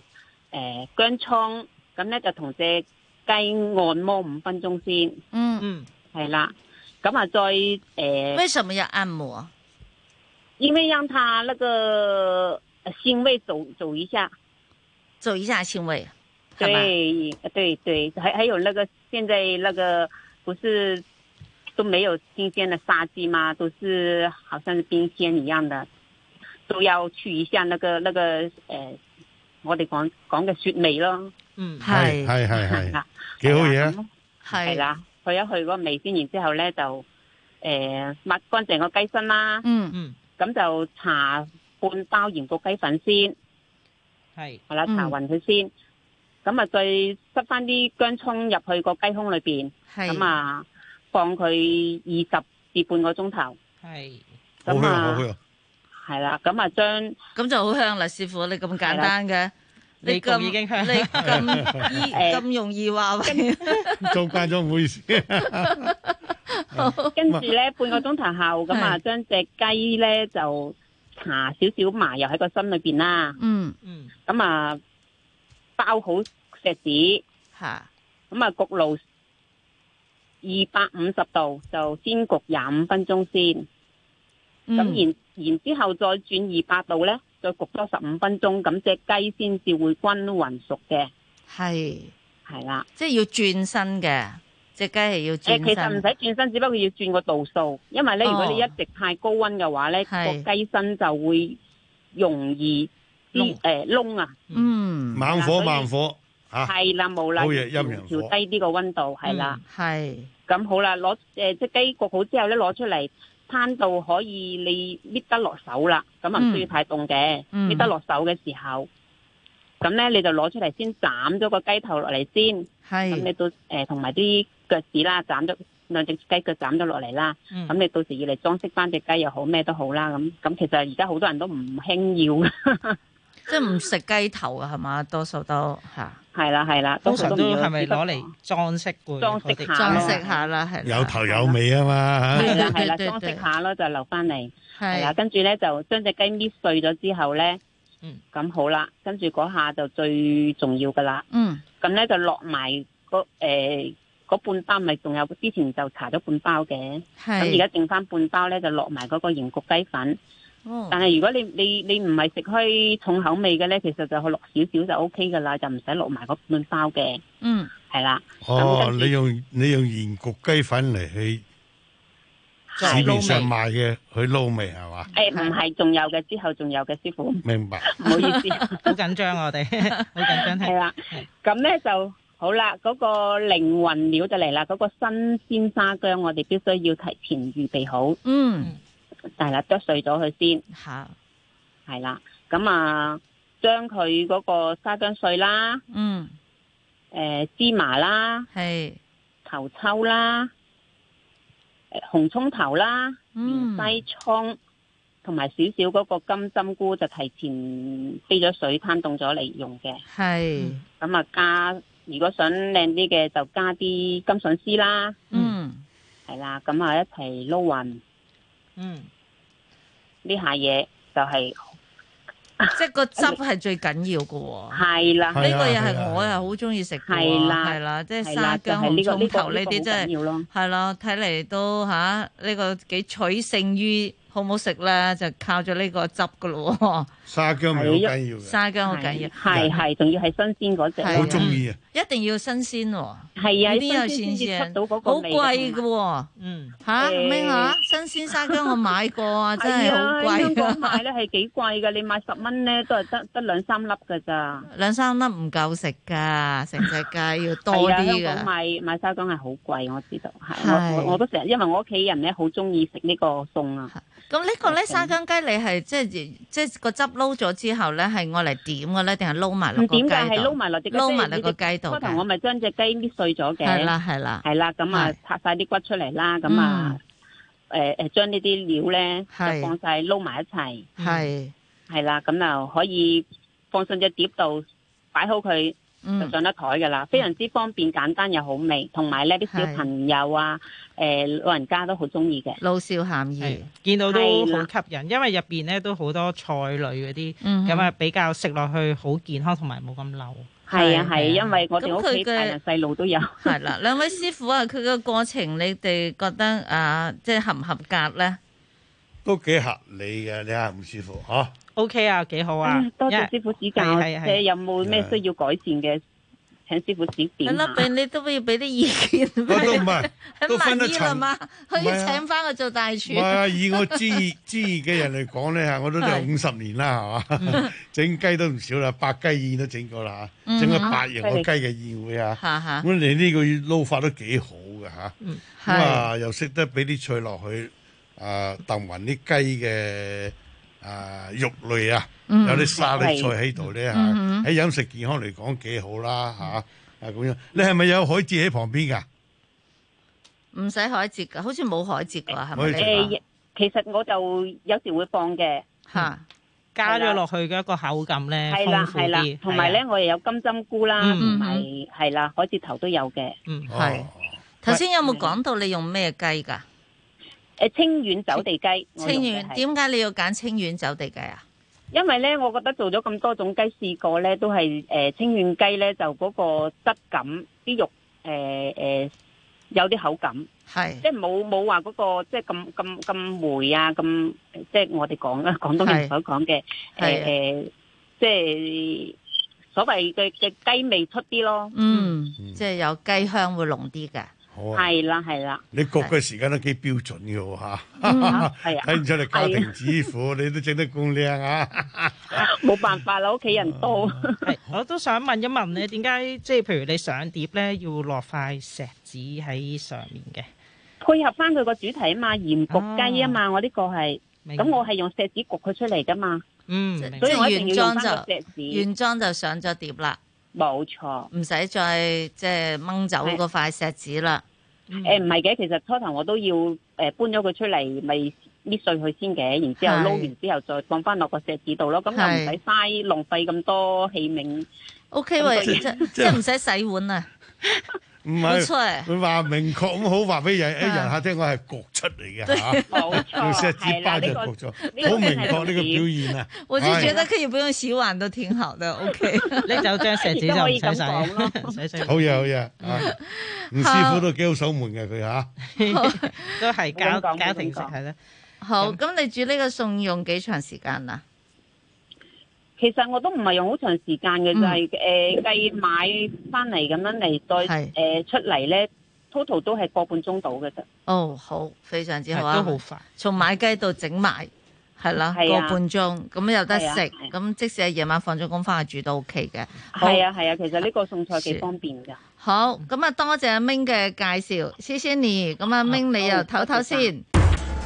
B: 呃、薑葱，咁咧就同隻雞按摩五分鐘先。嗯嗯，係、嗯、啦，咁啊，再誒。呃、為什麼要按摩？因為讓他那個腥味做？做一下。做一下腥味對
C: 吧，對
B: 對對，還還有那個現在那個不是都沒有新鮮的殺雞嘛，都是好像是冰鮮一樣的，都要去一下那個那個誒、呃，我哋講講嘅雪味咯，嗯，係係係，幾好嘢啊。係啦，去一去嗰個味先，然之後咧就誒、呃、抹乾淨個雞身啦，嗯嗯，咁、嗯、就搽半包鹽焗雞粉先。係，係啦，搽勻佢先，咁啊再塞翻啲薑蔥入去個雞胸裏邊，咁啊放佢二十至半個鐘頭，係，好香好香，係啦，咁啊將，咁就好香啦，師傅你咁簡單嘅，你咁已經香，你咁咁容易話，做慣咗唔好意思，跟住咧半個鐘頭後，咁啊將隻雞咧就。搽少少麻油喺個心裏邊啦，嗯嗯，咁啊包好錫紙，吓咁啊,啊焗爐二百五十度就先焗廿五分鐘先，咁、嗯、然然之後再轉二百度咧，再焗多十五分鐘，咁隻雞先至會均匀熟嘅，係係是啦，即係要轉身嘅。隻雞係要誒，其實唔使轉身，只不過要轉個度數，因為咧，如果你一直太高溫嘅話咧，個雞身就會容易啲誒燶啊。嗯，
K: 猛火猛火吓，
B: 係啦，冇啦，調低啲個溫度係啦，係咁好啦。攞誒，隻雞焗好之後咧，攞出嚟攤到可以你搣得落手啦，咁啊唔需要太凍嘅，搣得落手嘅時候，咁咧你就攞出嚟先斬咗個雞頭落嚟先。係咁你都誒，同埋啲腳趾啦，斬咗兩隻雞腳斬咗落嚟啦。咁你到時要嚟裝飾翻隻雞又好咩都好啦。咁咁其實而家好多人都唔興要，
E: 即係唔食
B: 雞頭呀係嘛，多數都吓。係啦係啦，多數都係咪攞嚟裝飾？裝飾下，裝飾下啦，係。有
K: 頭有尾啊嘛吓。係啦係
B: 啦，裝飾下咯，就留翻嚟。係啦，跟住咧就將隻雞搣碎咗之後咧，咁好啦。跟住嗰下就最重要噶啦。嗯。咁咧就落埋嗰嗰半包，咪仲有之前就搽咗半包嘅，咁而家剩翻半包咧就落埋嗰個鹽焗雞粉。哦，但係如果你你你唔係食開重口味嘅咧，其實就落少少就 O K 噶啦，就唔使落埋嗰半包嘅。嗯，係啦。哦，
K: 你用你用鹽焗雞粉嚟去。市面上賣嘅佢撈味係
B: 嘛？誒，唔係，仲有嘅，之後仲有嘅師傅。明白。唔好意思，好緊張我哋，好緊張，係啦。咁咧就好啦，嗰個靈魂料就嚟啦，嗰個新鮮沙姜我哋必須要提前預備好。嗯。係啦，剁碎咗佢先。吓。係啦，咁啊，將佢嗰個沙姜碎啦。
P: 嗯。
B: 誒，芝麻啦。係。頭抽啦。紅葱頭啦，
P: 芫茜
B: 葱，同埋、嗯、少少嗰個金針菇就提前飛咗水攤凍咗嚟用嘅。
E: 係、嗯，
B: 咁啊是加，如果想靚啲嘅就加啲金笋絲啦。嗯，係啦，咁啊一齊撈匀。嗯，呢、嗯、下嘢就係、是。
E: 即係個汁係最緊要噶喎，
B: 係啦，呢個
E: 又係我又好中意食係啦，係啦，即係沙姜葱頭呢啲真係，係咯，睇嚟都吓呢個幾取勝於好唔好食咧，就靠咗呢個汁噶咯。
B: 沙姜咪好緊要嘅，沙
E: 姜好緊要，係
B: 係，仲要係新鮮嗰隻。好中意啊！
E: 一定要新鮮喎，係啊，喺新鮮先至吸到嗰個味。好貴嘅
B: 喎，嗯嚇嚇，新鮮沙姜我買過啊，真係好貴。香港買咧係幾貴嘅，你買十蚊咧都係得得兩三粒嘅咋。兩三粒唔夠食㗎，成隻雞要多啲㗎。係買買沙姜係好貴，我知道係我都成日，因為我屋企人咧好中意食呢個餸啊。咁呢個
E: 咧沙姜雞，你係即係即係個汁。撈咗之後咧，係愛嚟點嘅咧，定係撈埋落去？咁點解？撈埋落隻撈埋落個雞度。骨頭我
B: 咪將隻雞搣碎咗嘅。係啦，係啦，係啦，咁啊，拆晒啲骨出嚟啦，咁啊的，誒誒，將、嗯呃、呢啲料咧放晒撈埋一齊。係係啦，咁、嗯、就可以放上隻碟度，擺好佢。嗯、就上得台噶啦，非常之方便簡單又好味，同埋咧啲小朋友啊、誒是、呃、老人家都好中意嘅，老少咸宜，見到都好
L: 吸引，的因為入邊咧都好多菜類嗰啲，咁啊、嗯、哼比較食落去好健康，同埋
B: 冇咁漏。係啊係，因為我哋屋企大人細路都有。係 [laughs] 啦，兩位師傅啊，
E: 佢個過程你哋覺得啊，即、就、係、是、合唔合格咧？
B: 都幾合
L: 理嘅，你啊吳師傅嗬。啊 O K 啊，幾好啊！多謝師
B: 傅指教，係有冇咩需要改善嘅？請師傅指點啊！你都俾你都要俾啲意見。都唔係都分得層嘛？
E: 佢要請翻我做大廚。唔係以我知
B: 知
K: 嘅人嚟講咧，我都做五十年啦，係嘛？整雞都唔少啦，百雞宴都整過啦嚇，整咗百樣嘅雞嘅宴會啊！哈哈！本嚟呢個月撈法都幾好㗎嚇，咁啊又識得俾啲菜落去啊，掟勻啲雞嘅。啊，肉類啊，嗯、有啲沙律菜喺度咧，喺飲食健康嚟講幾好啦、啊、吓，啊咁樣，你係咪有海蜇喺旁邊噶、啊？
E: 唔使海蜇噶，好似冇海蜇噶係咪？誒，其實我就有
B: 時會放嘅吓，嗯、加咗落
L: 去嘅一個口感咧，豐、嗯、富啲。係啦，係啦。同埋咧，
B: 我又有金針菇啦，唔係係啦，海蜇頭都有嘅。嗯，係、哦。頭先有冇講到你用咩雞噶？誒，清遠走地雞。清遠，點
E: 解你要揀清遠走地雞啊？
B: 因為咧，我覺得做咗咁多種雞，試過咧，都係誒清遠雞咧，就嗰個質感，啲肉誒誒有啲口感，係即係冇冇話嗰個即係咁咁咁霉，啊，咁即係我哋講啦，廣東人所講嘅，誒誒，即係所謂嘅嘅雞味出啲咯，嗯，即係有雞香會濃啲嘅。係啦，係啦。你焗嘅
K: 時間都幾標準嘅吓，睇唔出嚟，家庭主婦，你都整得咁靚啊！
B: 冇辦法啦，屋企人多。
L: 我都想問一問咧，點解即係譬如你上碟咧，要落塊錫紙喺
B: 上面嘅？配合翻佢個主題啊嘛，鹽焗雞啊嘛，我呢個係，咁我係用錫紙焗佢出嚟噶嘛。嗯，
R: 所以我一定要用翻個錫紙。原
B: 裝就上咗碟啦。冇錯，唔使再即係掹走嗰塊石子啦。
R: 誒唔係
B: 嘅，其實初頭我都要誒搬咗佢出嚟，咪搣碎佢先嘅。然之後撈完之後再放翻落個石子度咯。咁又唔使嘥浪費咁多器皿。O K，即係唔使洗碗啊！ [laughs]
K: 唔係，佢話明確咁好話俾人，哎人客聽我係焗出嚟嘅嚇，用錫紙包就焗咗，好明確呢個表現啊！我就覺得
E: 可以不用洗碗都挺好的，OK。你走張錫紙就唔使洗唔使洗，好嘢好嘢，吳師傅都
K: 幾好守門嘅佢吓，
E: 都係家家庭式係啦。好，咁你煮呢個餸用幾長時間啊？
B: 其實我都唔係用好長時間嘅，就係誒計買翻嚟，咁樣嚟，再誒出嚟咧，total 都係個半鐘到嘅啫。哦，好，非常之好啊，都好快。
E: 從買雞到整埋，係啦，個、啊、半鐘，咁又得食，咁、啊啊、即使係夜晚放咗工翻去煮都 OK 嘅。係啊係啊，其實呢個餸菜幾方便噶。好，咁啊多謝阿 Ming 嘅介紹，謝謝你。咁阿 Ming，好你又唞唞先。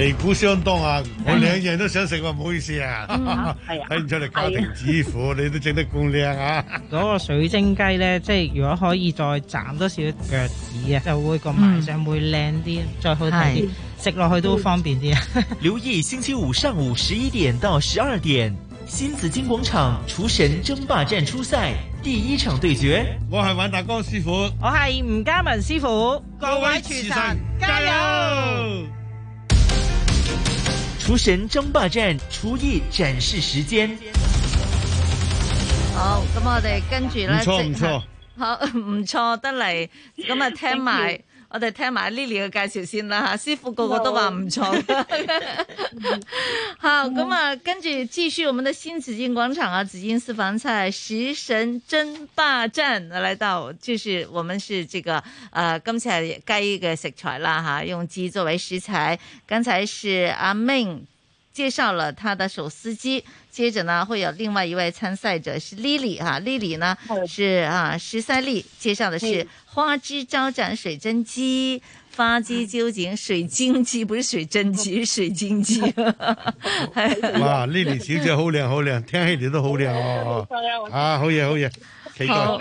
A: 旗鼓相當
K: 啊！我兩樣都想食喎，唔好意思啊。睇唔出你家庭主婦，你都整得
L: 咁靚啊！嗰個水晶雞咧，即係如果可以再斬多少腳趾
M: 啊，就會個賣相
L: 會靚啲，
M: 再好睇啲，
L: 食落去都方便啲。啊。
M: 留意，星期五上午十一點到十二點，新紫荊廣場廚神爭霸戰初賽第一場對決。我係玩大哥師傅，我係吳嘉文師傅，各位
L: 廚神
R: 加油！
M: 廚神爭霸戰廚藝展示時間，
E: 好，咁我哋跟住呢，唔錯，好，唔錯得嚟，咁啊，聽埋。我哋聽埋 Lily 嘅介紹先啦吓，師傅個個都話唔錯。No. [laughs] 好，咁啊，mm hmm. 跟住繼續，我們的新紫荊廣場啊，紫荊私房菜食神爭霸戰嚟到，就是我們是這個誒、呃，今次係雞嘅食材啦吓，用雞作為食材。剛才是阿 Min 介紹了他的手撕雞。接着呢，會有另外一位參賽者是 Lily 哈、啊、，Lily 呢是啊十三莉介紹的是花枝招展水蒸雞，花枝究竟水晶雞不是水蒸雞水晶雞。哈哈哇，Lily 哈小姐
K: 好靚好靚，聽起嚟都好靚好哦啊，啊，好嘢好嘢。
G: 好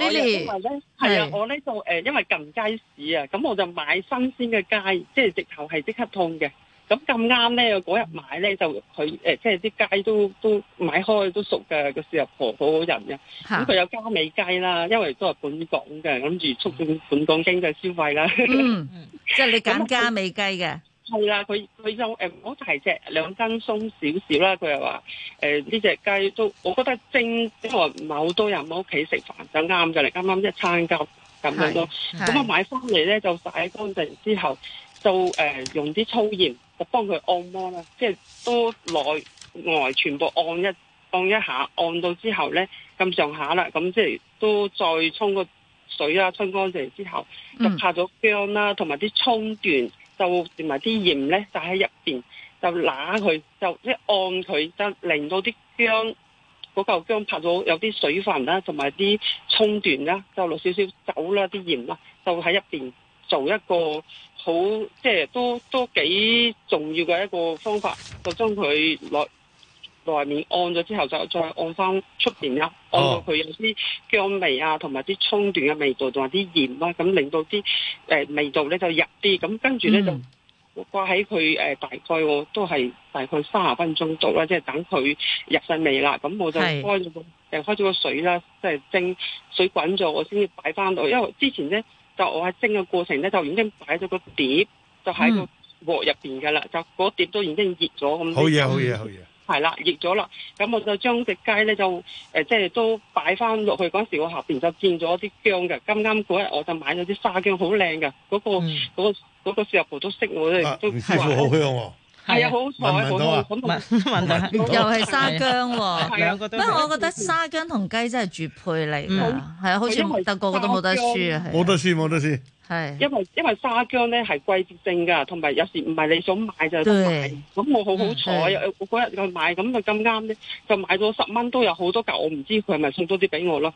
G: ，Lily 好。係啊哥，我呢度，誒是是、呃，因為近街市啊，咁我就買新鮮嘅雞，即係直頭係即刻劏嘅。咁咁啱咧，嗰日買咧就佢、呃、即係啲雞都都買開都熟嘅個時候，婆婆好人嘅，咁佢、啊、有嘉美雞啦，因為都係本港嘅，諗住促進
B: 本港經濟消費啦。嗯，嗯，即係你揀嘉美雞嘅。係啦，佢佢
G: 就誒好大隻，兩、呃、斤、呃、鬆少少啦。佢又話呢隻雞都，我覺得蒸，因為唔係好多人喺屋企食飯，就啱就嚟啱啱一餐夠咁樣咯。咁我買翻嚟咧就洗乾淨之後，就、呃、用啲粗鹽。我幫佢按摩啦，即係都內外全部按一按一下，按到之後咧咁上下啦，咁即係都再沖個水啊，沖乾淨之後，就拍咗薑啦，同埋啲蔥段，就同埋啲鹽咧，就喺入邊就揦佢，就一按佢，就令到啲薑嗰嚿薑拍到有啲水分啦，同埋啲蔥段啦，就落少少酒啦，啲鹽啦，就喺入邊。做一個好即係都都幾重要嘅一個方法，就將佢內內面按咗之後，就再按翻出邊啦，按到佢有啲薑味啊，同埋啲葱段嘅味道同埋啲鹽啦，啊，咁令到啲、呃、味道咧就入啲，咁跟住咧、嗯、就掛喺佢、呃、大概都係大概三十分鐘度啦，即係等佢入晒味啦，咁我就開咗個又開咗是的 個水啦，即係蒸水滾咗，我先擺翻到，因為之前咧。就我喺蒸嘅過程咧，就已經擺咗個碟，就喺個鑊入邊噶啦，就嗰碟都已經熱咗咁。嗯、樣好嘢、啊，嗯、好嘢、啊，好
R: 嘢。
G: 係啦，熱咗啦，咁我就將隻雞咧就誒，即、呃、係、就是、都擺翻落去候。嗰時我下邊就見咗啲薑嘅，啱啱嗰日我就買咗啲沙薑，好靚嘅。嗰、那個嗰嗰、嗯那個、那個、少師傅都識我咧，都哇好
L: 香、哦。
E: 係啊，好彩，好多到好
L: 多問下，
E: 又係沙薑喎、啊，不過、啊、我覺得沙薑同雞真係絕配嚟㗎，係啊，嗯、啊，好似得，個個都冇得輸啊，冇
K: 得輸，冇得輸。
G: 因為因為沙姜咧，係季節性噶同埋有時唔係你想買就都買，咁我好好彩，我嗰日就買咁咪咁啱咧，就買咗十蚊都有好多嚿，我唔知佢係咪送多啲俾我咯。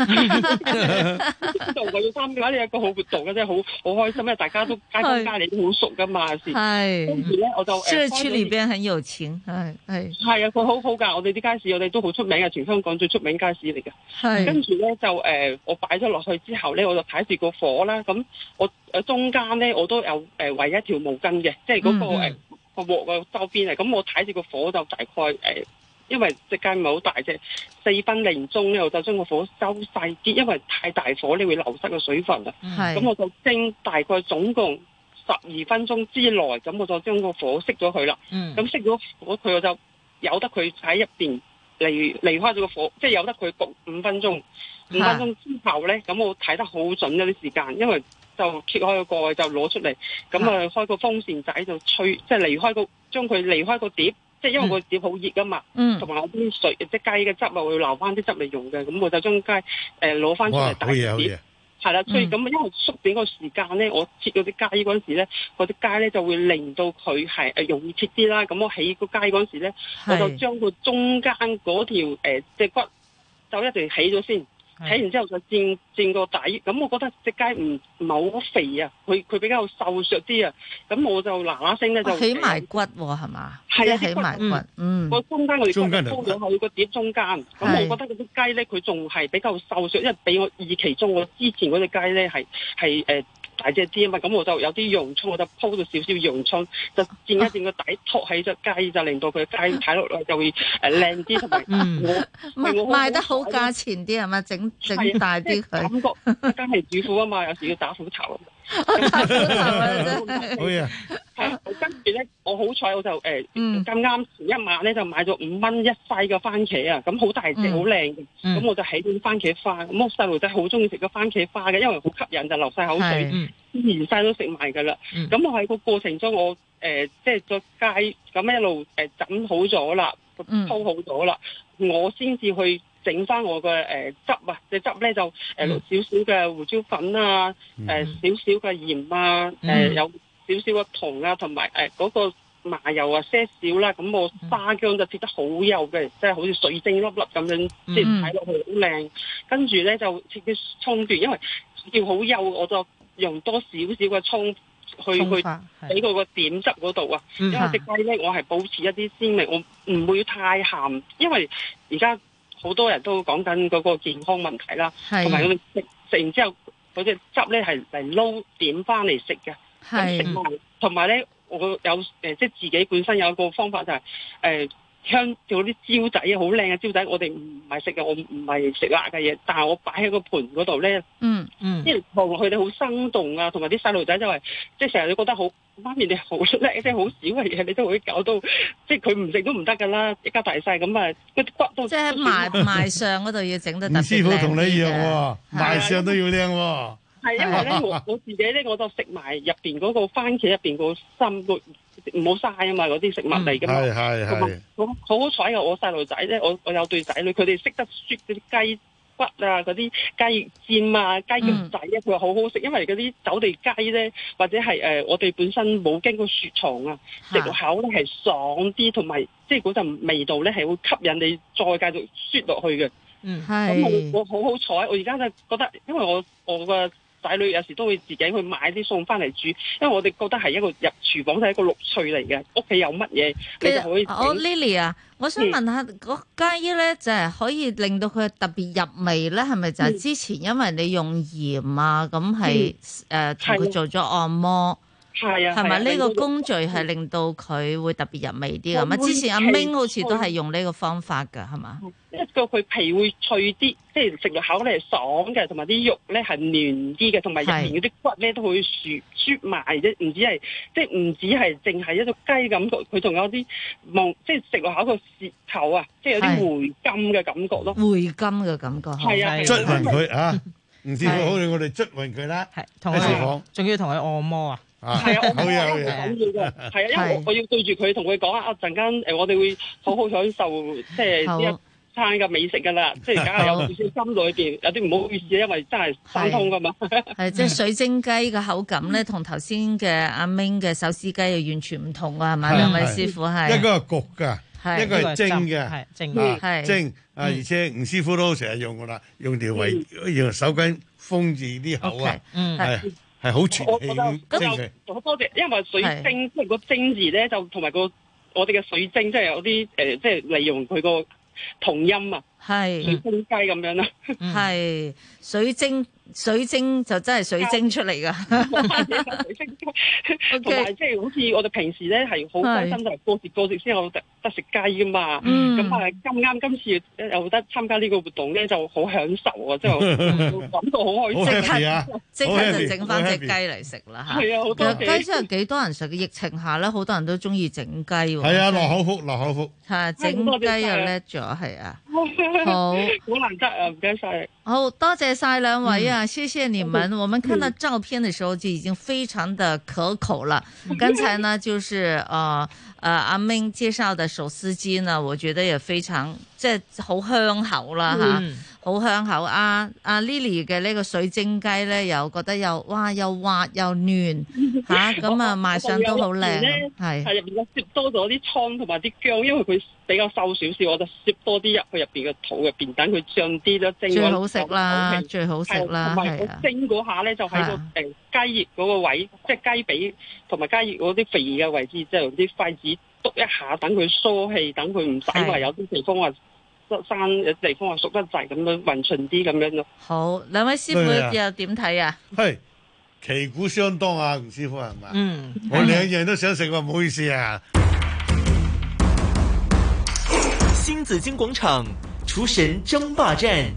G: 就我哋參加呢一個好活動嘅，真係好好開心啊！大家都街坊街里都好熟噶嘛，是。係。跟住咧，我就誒。這村裏邊
E: 很有錢。係
G: 係。係啊，佢好好噶我哋啲街市，我哋都好出名嘅，全香港最出名街市嚟嘅。係。跟住咧就誒，我擺咗落去之後咧，我就睇住個火啦，咁。我誒中間咧，我都有誒圍、呃、一條毛巾嘅，即係嗰、嗰個誒鑊個周邊嚟。咁我睇住個火就大概誒、呃，因為隻間唔係好大啫，四分零鐘咧，我就將個火收細啲，因為太大火咧會流失個水分啊。咁是我就蒸大概總共十二分鐘之內，咁我就將個火熄咗佢啦。咁熄咗火佢，我就由得佢喺入邊。離離開咗個火，即係由得佢焗五分鐘，五分鐘之後咧，咁我睇得好準嗰啲時間，因為就揭開個蓋就攞出嚟，咁啊開個風扇仔就吹，即係離開個將佢離開個碟，即係、嗯、因為個碟好熱啊嘛，嗯，同埋我啲水即係雞嘅汁啊，會留翻啲汁嚟用嘅，咁我就將雞誒攞翻出嚟打碟。係啦，所以咁啊，嗯、因為縮短個時間咧，我切嗰啲雞陣時咧，嗰啲雞咧就會令到佢係誒容易切啲啦。咁我起個雞陣時咧，的我就將個中間嗰條誒脊骨就一齊起咗先。睇完之後就墊墊個底，咁我覺得隻雞唔唔係好肥啊，佢佢比較瘦削啲啊，咁我就嗱嗱聲咧就起埋
E: 骨係嘛？係啊，起埋骨，
G: 嗯，我中間我亦都鋪咗去個碟中間，咁我覺得嗰隻雞咧佢仲係比較瘦削，因為比我預期中我之前嗰隻雞咧係係誒大隻啲啊嘛，咁我就有啲洋葱，我就鋪咗少少洋葱，就墊一墊個底，托起隻雞就令到佢雞睇落來就會誒靚啲，同埋我
E: 賣得好價錢啲係嘛整？食大啲，感覺
G: 真係主婦啊嘛，有時要打斧頭。係啊，跟住咧，我好彩，我就誒咁啱前一晚咧就買咗五蚊一塊嘅番茄啊，咁好大隻，好靚嘅。咁我就起片番茄花，咁我細路仔好中意食個番茄花嘅，因為好吸引就流晒口水，連晒都食埋噶啦。咁我喺個過程中，我誒即係再街咁一路誒整好咗啦，鋪好咗啦，我先至去。整翻我個誒、呃、汁唔、啊、隻汁咧就誒、嗯、少少嘅胡椒粉啊，誒、嗯、少少嘅鹽啊，誒、嗯呃、有少少嘅糖啊，同埋誒嗰個麻油啊些少啦。咁我沙姜就切得好幼嘅，即係好似水晶粒粒咁樣，即係睇落去好靚。嗯、跟住咧就切啲葱段，因為要好幼，我就用多少少嘅葱去去俾佢個點汁嗰度啊。因為隻雞咧，我係保持一啲鮮味，我唔會太咸，因為而家，好多人都講緊嗰個健康問題啦，同埋食食完之後嗰隻汁咧，係嚟撈點翻嚟食嘅，食同埋咧我有、呃、即係自己本身有一個方法就係、是呃香做啲椒仔，好靚嘅椒仔。我哋唔係食嘅，我唔係食辣嘅嘢，但係我擺喺個盤嗰度咧，嗯嗯，即係望落去咧好生動啊。同埋啲細路仔就係，即係成日都覺得好媽咪你好叻，即係好少嘅嘢，你都會搞到，即係佢唔食都唔得噶啦。一家大細咁啊，佢骨即係賣賣相
E: 嗰度要整得特。 [laughs] 師傅
K: 同你一樣，賣相都要靚啊。係，因為咧我
G: 我自己咧，我就食埋入邊嗰個番茄入邊個心，唔好嘥啊嘛，嗰啲食物嚟噶嘛。係係係。咁好好彩嘅，我細路仔咧，我我有對仔女，佢哋識得啜嗰啲雞骨啊，嗰啲雞翼尖啊，雞翼仔啊，佢話好好食，因為嗰啲走地雞咧，或者係誒、呃、我哋本身冇經過雪藏啊，食落口咧係爽啲，同埋即係嗰陣味道咧係會吸引你再繼續啜落去嘅。嗯，
R: 係。咁我我
G: 好好彩，我而家就覺得，因為我我個。仔女有時都會自己去買啲餸翻嚟煮，因為我哋覺得係一個入廚房係一個樂趣嚟嘅。屋企有乜嘢，你就可以俾。我 Lily 啊，我想問下
E: 個雞咧，就係、是、可以令到佢特別入味咧，係咪就係之前因為你用鹽啊咁係誒同佢做咗按摩？係啊，係咪呢個工序係令到佢會特別入味啲咁啊？之前阿明好似都係用呢個方法噶，係嘛？
F: 一個佢
G: 皮會脆啲，即係食落口咧係爽嘅，同埋啲肉咧係嫩啲嘅，同埋入面嗰啲骨咧都會軟軟埋啫，唔止係即係唔止係淨係一個雞感覺，佢仲有啲望即係食落口個舌頭啊，即係有啲回甘嘅感覺咯，
E: 回甘嘅感覺
L: 係啊，捽勻佢
E: 啊，唔知好唔好？
G: 我哋捽勻佢啦，係
L: 同佢講，仲要同佢按摩啊。係啊，好嘢嘅，係啊，因為我
G: 要對住佢同佢講啊，一陣間誒，我哋會好好享受即係呢一餐嘅美食噶啦，即係梗係有少少心裏邊有啲唔好意思，因為真係心痛噶嘛。
E: 係即係水晶雞嘅口感咧，同頭先嘅阿明嘅手撕雞啊，完全唔同啊，係嘛，兩位師傅係一個係焗噶，一個係蒸嘅，蒸係蒸啊，
K: 而且吳師傅都成日用噶啦，用條圍用手巾封住啲口啊，係。
S: 係好全我，我我就有
G: 好多謝，因為水晶即係個晶字咧的，就同埋個我哋嘅水晶，即係有啲誒、呃，即係利用佢個同音啊。
E: 係水晶雞咁樣啦，係水晶水晶就真係水晶出嚟㗎，同埋即係好似我哋平時咧係好開心，
G: 就過節過節先有得食雞㗎嘛。咁啊，咁啱今次又得參加呢個活動咧，就好享受啊！即係感到好開心。即刻即刻就整翻隻雞嚟
E: 食啦嚇。係啊，好多雞。雞真係幾多人食嘅？疫情下咧，好多人都中意整雞喎。係啊，落口福，落口福。係整雞又叻咗，係啊。好，好 [laughs] 難得啊！唔該晒，好多謝晒兩位啊！嗯、謝謝你們，嗯、我們看到照片嘅時候就已經非常的可口啦。嗯、剛才呢，就是誒誒阿明介紹的手撕雞呢，我覺得也非常即係好香口啦，吓好、嗯啊、香口。啊。阿、啊、Lily 嘅呢個水晶雞咧，又覺得又哇又滑又嫩吓，咁、嗯、啊賣相 [laughs] 我都好靚，係係入邊又多咗啲蔥同埋啲薑，因為佢。
G: 比較瘦少少，我就攝多啲入去入邊嘅肚入邊，等佢脹啲都蒸。最好食啦，
E: 最好食啦，係啊！蒸
G: 嗰下咧就喺個誒雞翼嗰個位，即係雞髀同埋雞翼嗰啲肥嘅位置，即係啲筷子督一下，等佢疏氣，等佢唔使話有啲地方啊生，有啲地方啊熟得滯，咁樣勻順啲咁樣咯。
E: 好，兩位師傅
B: 又點睇啊？係
K: 旗鼓相當啊，吳師傅係咪？嗯，我兩樣都想食啊，唔好意思啊。
M: 金紫荊廣場，廚神爭霸戰。 [noise]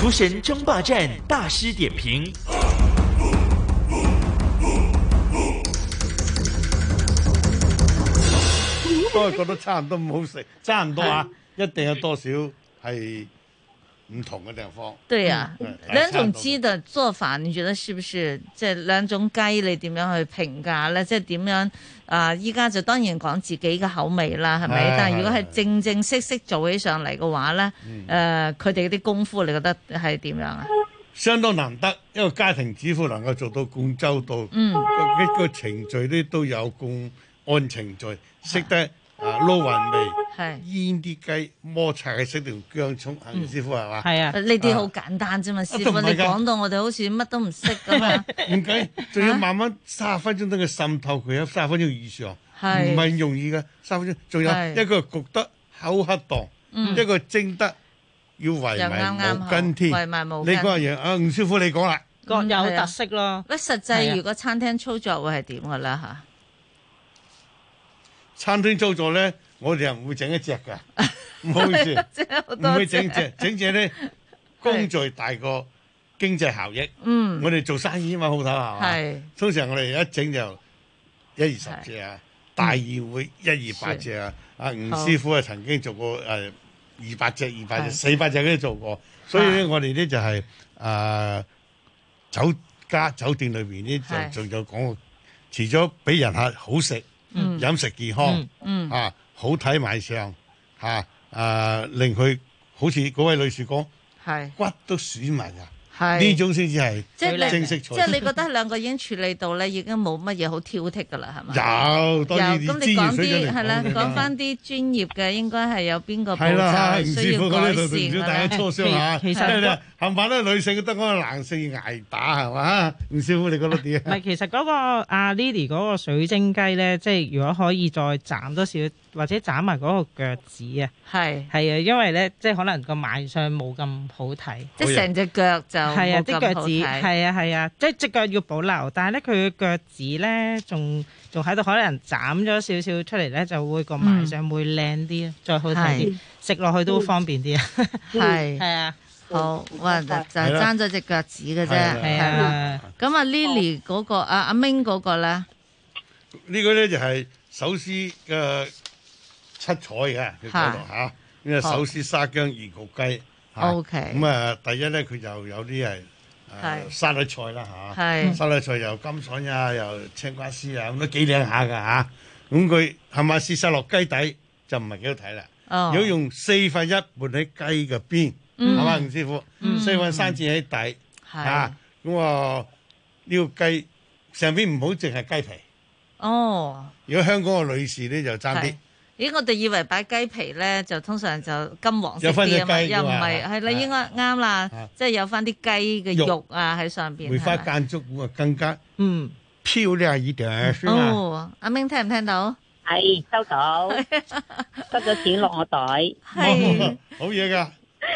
M: 廚神爭霸戰大師點評。 [noise] 都係覺
K: 得
E: 差唔多唔好食，差唔多啊，
K: 是一定有多少係。唔同嘅
E: 地方，對啊，嗯、兩種雞嘅做法，你覺得是不是？即係兩種雞，你點樣去評價咧？即係點樣啊？呃、依家就當然講自己嘅口味啦，係咪？哎哎哎，但係如果係正正式式做起上嚟嘅話咧，誒、嗯，佢哋啲功夫你覺得係點樣啊？
K: 相當難得，因為家庭主婦能夠做到咁周到，嗯，個程序咧都有咁按程序識得、啊。啊撈勻味，係醃啲雞，摩擦佢整條薑葱，阿吳師傅係嘛？係啊，呢啲好
E: 簡單啫嘛，師傅，你講到我哋好似乜都唔識噶嘛？
K: 唔計，仲要慢慢三十分鐘等佢滲透，佢有三十分鐘以上，唔係容易噶。三分鐘，仲有一個焗得口黑蕩，一個蒸得要圍埋毛巾添。圍埋毛巾，你講完啊，吳師傅你講啦，
E: 各有特色咯。咁實際如果餐廳操作會係點噶啦吓？
K: 餐廳操作咧，我哋又唔會整一隻嘅。唔好意思，
E: 唔會整隻，
K: 整隻咧，工序大過經濟效益。嗯，我哋做生意嘛好睇下嘛，通常我哋一整就一二十隻啊，大宴會一二百隻啊。阿吳師傅啊曾經做過誒二百隻、二百隻、四百隻都做過，所以咧我哋咧就係誒酒家酒店裏邊咧就仲有講，除咗俾人客好食。嗯、飲食健康，嗯嗯、啊好睇賣相，啊啊、令佢好似嗰位女士講，是骨都鼠埋呢是種先至係即係你，色即係你覺
E: 得兩個已經處理到咧，已經冇乜嘢好挑剔嘅啦，係咪？
K: 有當然有咁你講啲係啦，講翻
E: 啲的的專業嘅應該係有邊個步驟需要改善啦？其實，
L: 冚唪唥女性都得，我男性挨打係嘛？吳師傅，你覺得點啊？唔係，其實嗰、那個阿、啊、Lily 嗰個水晶雞咧，即係如果可以再斬多少？或者斬埋嗰個腳趾啊，係係啊，因為咧，即係可能個賣相冇咁好睇，即係成隻
E: 腳就冇咁好睇，係啊，隻腳趾，係
L: 啊係啊，即係隻腳要保留，但係咧佢嘅腳趾咧，仲仲喺度，可能斬咗少少出嚟咧，就會個賣相會靚啲，再好睇啲，食落去都方便啲啊，係係啊，
E: 好，就就爭咗隻腳趾嘅啫，係啊，咁啊 Lily 嗰個啊阿明嗰個咧，
K: 呢個咧就係手撕嘅。七彩嘅佢嗰度嚇，因為手撕沙姜鹽焗雞，咁啊第一咧佢就有啲係沙律菜啦嚇，沙律菜又甘筍啊又青瓜絲啊咁都幾靚下噶嚇，咁佢係咪試曬落雞底就唔係幾好睇啦？如果用四分一盤喺雞嘅邊，係嘛吳師傅，四分三剪喺底啊，咁啊呢個雞上邊唔好淨係雞皮，
E: 如
K: 果香港嘅女士咧就爭啲。
E: 咦，我哋以為擺雞皮咧，就通常就金黃色啲啊嘛，又唔係，係你應該啱啦，即係有翻啲雞嘅肉啊喺上邊，梅花間
K: 竹啊，更加嗯漂亮一啲啊，哦，
E: 阿明聽唔聽到？係收到，
B: 塞咗錢落我袋，係好嘢噶。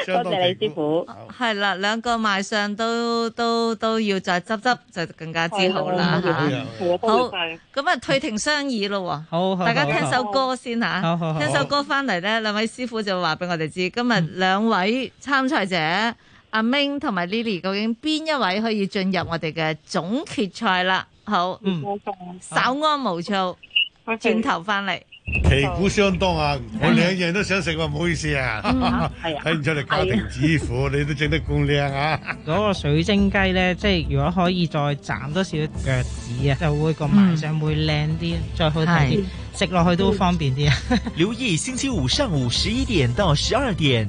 B: 多
E: 謝李師傅，係啦，兩個賣相都都都要再執執，就更加之好啦。好，咁啊，退庭商議咯。好，大家聽首歌先吓，聽首歌翻嚟咧，兩位師傅就話俾我哋知，今日兩位參賽者阿明同埋 Lily 究竟邊一位可以進入我哋嘅總決賽啦？好，嗯，稍安勿躁。轉頭翻嚟，
K: 旗鼓相當啊！我兩樣都想食，話唔好意思啊，睇唔出你家庭主婦，你都整得
L: 咁靚啊！嗰個水晶雞咧，即係如果可以再斬多少腳趾
M: 啊，就會個賣相會靚啲，再好睇啲，
L: 食落去都方
M: 便啲。啊，留意星期五上午十一點到十二點。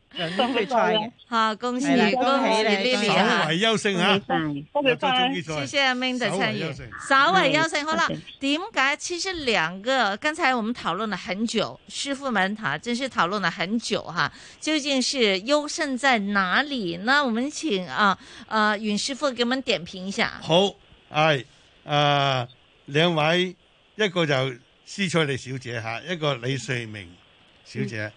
E: 好恭喜恭喜你，你好，稍為優勝吓，謝謝阿明的參與，稍為優勝，好啦。點解其實兩個剛才我們討論了很久，師傅們吓，真是討論了很久哈，究竟是優勝在哪裏？那我們請啊，啊，袁師傅給我們點評一下。
K: 好，係，誒，兩位，一個就思翠麗小姐吓，一個李瑞明小姐。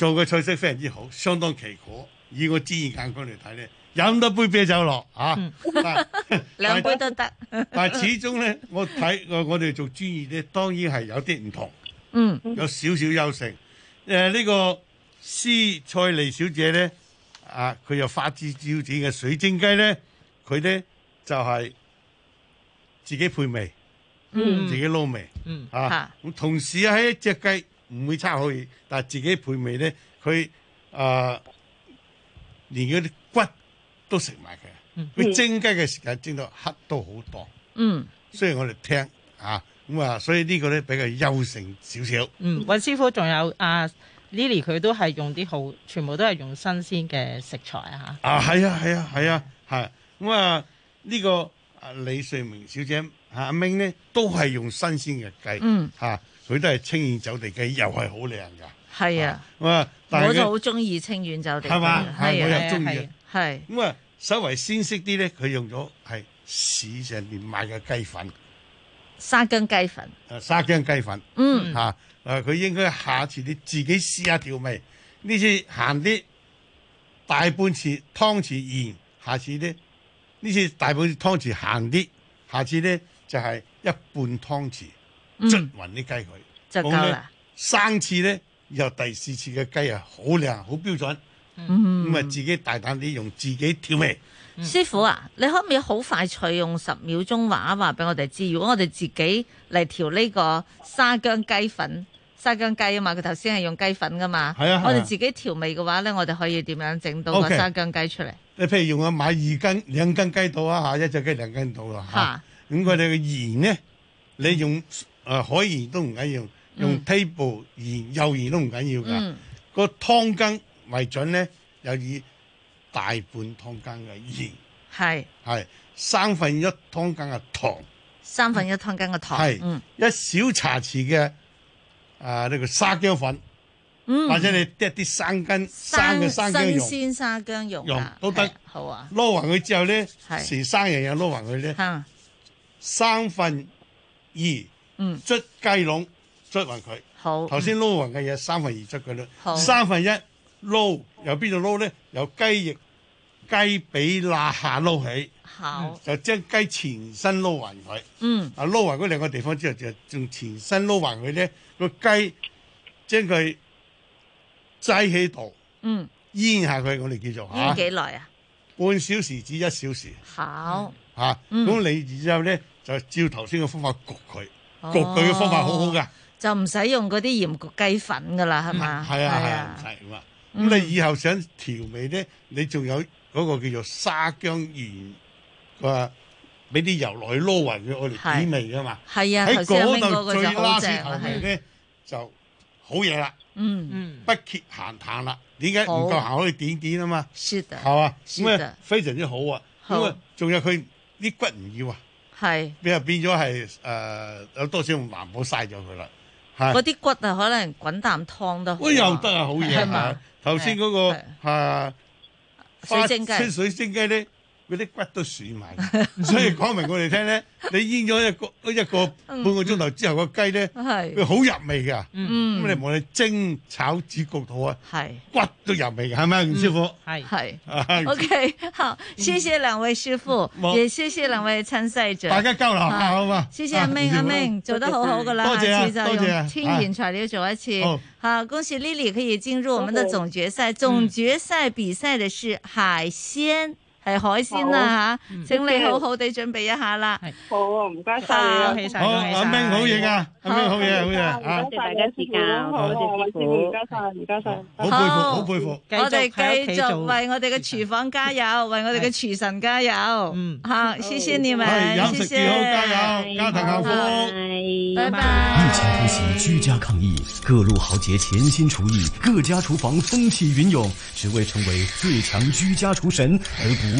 K: 做嘅菜式非常之好，相當奇果。以我專業眼光嚟睇咧，飲多杯啤酒落嚇，
E: 兩杯都得。 [laughs] 但係始終
K: 咧，我睇我我哋做專業咧，當然係有啲唔同，
E: 嗯、有
K: 少少優勝。誒、呃、呢、這個施翠麗小姐咧，啊佢又發自照自嘅水晶雞咧，佢咧就係、是、自己配味，嗯、自己撈味嚇。咁同時喺一隻雞。唔會差可以，但係自己配味咧，佢啊、呃、連嗰啲骨都食埋嘅，
L: 佢蒸
K: 雞嘅時間蒸到黑都好多。嗯，雖然我哋聽啊，咁啊，所以呢個咧比較優勝少少。
L: 嗯，韋師傅仲有阿、啊、Lily，佢都係用啲好，全部都係用新鮮嘅食材啊。嚇！啊，
K: 係啊，係啊，係啊，係。咁啊，呢、啊啊這個李瑞明小姐阿、啊、明呢都係用新鮮嘅雞。嗯。嚇、啊！佢都係清，啊啊、清遠走地雞，又係好靚噶。
E: 係啊，我
K: 就好
E: 中意清遠走地雞。係嘛？係我又中意。係咁啊，
K: 稍微鮮色啲咧，佢用咗係市上面賣嘅雞粉，
E: 沙姜雞粉。
K: 誒、啊，沙姜雞粉。嗯。嚇誒、啊，佢應該下次你自己試下調味。呢次鹹啲，大半次湯匙鹽。下次咧，呢次大半次湯匙鹹啲。下次咧就係、是、一半湯匙。均勻啲雞佢就夠啦。三次咧，又第四次嘅雞啊，好靚，好標準。
R: 咁
E: 啊、嗯，
K: 自己大膽啲用自己調味。嗯、
E: 師傅啊，你可唔可以好快脆用十秒鐘話一話俾我哋知？如果我哋自己嚟調呢個沙姜雞粉，沙姜雞啊嘛，佢頭先係用雞粉噶嘛。係啊。啊我哋自己調味嘅話咧，我哋可以點樣整到個沙姜雞出嚟？你、
K: okay, 譬如用我買二斤兩斤雞到啊吓，一隻雞兩斤到啦吓。咁佢哋嘅鹽咧，你用。嗯誒，海鹽都唔緊要，用 table 鹽、幼鹽都唔緊要噶。個湯羹為準咧，又以大半湯羹嘅鹽，係係三分一湯羹嘅糖，
E: 三分一湯羹嘅糖，係
K: 一小茶匙嘅誒呢個沙薑粉，或者你一啲生根生鮮
E: 沙薑肉，都得，好啊。
K: 撈勻佢之後咧，是生嘢又撈勻佢咧，三分二。嗯，捽雞籠捽勻佢。好，頭先撈勻嘅嘢三分二捽佢咯。好，三分一撈，由邊度撈咧？由雞翼、雞髀罅下撈起。
R: 好，
K: 就將雞前身撈勻佢。嗯，啊撈勻嗰兩個地方之後，就仲全身撈勻佢咧。個雞將佢擠喺度。嗯，醃下佢，我哋叫做醃。醃幾耐啊？半小時至一小時。好。吓，咁你然之後咧就照頭先嘅方法焗佢。焗佢嘅方法好好噶，
E: 就唔使用嗰啲鹽焗雞粉噶啦，係嘛？係啊係啊，唔使。咁
K: 你以後想調味咧，你仲有嗰個叫做沙姜鹽啊，俾啲油落撈匀，我哋點味噶嘛？係啊，喺嗰度最啱先，係咧？就好嘢啦，嗯嗯，不揭鹹淡啦。點解唔夠鹹可以點點啊嘛？係嘛？咁啊，非常之好啊。咁啊，仲有佢啲骨唔要啊。係，你又是變咗係誒，有、呃、多少唔好嘥咗佢啦？嗰
E: 啲骨啊，可能滾啖湯都好，喂、哦，又得嗎啊，好嘢啊！頭先嗰個係水蒸雞，清
K: 水蒸雞咧。嗰啲骨都軟埋，所以講明我哋聽咧，你醃咗一個一個半個鐘頭之後個雞咧，佢好入味㗎，咁你無論蒸、炒、煮、焗、燜啊，骨都入味，係咪，吳師傅？
E: 係係。O K，好，謝謝兩位師傅，也謝謝兩位參賽者，大家交流下好嘛。謝謝阿明阿明做得好好噶啦，下次就用天然材料做一次嚇。恭喜 Lily 可以進入我們嘅總決賽，總決賽比賽嘅是海鮮。係海鮮啦吓，請你好好
B: 地準備一下啦。好，唔該晒，好晒，好，阿明好嘢
E: 啊，阿明好嘢，好嘢，好，多唔該晒，唔該晒，好佩服，好佩服，我哋繼續為我哋嘅廚房加油，為我哋嘅廚神加油。嗯，好，謝謝你們，謝謝，加油，加大功夫，拜拜。
A: 疫情突襲，居家抗疫，各路豪傑潛心廚藝，各家廚房風起雲湧，只為成為最強居家廚神而不。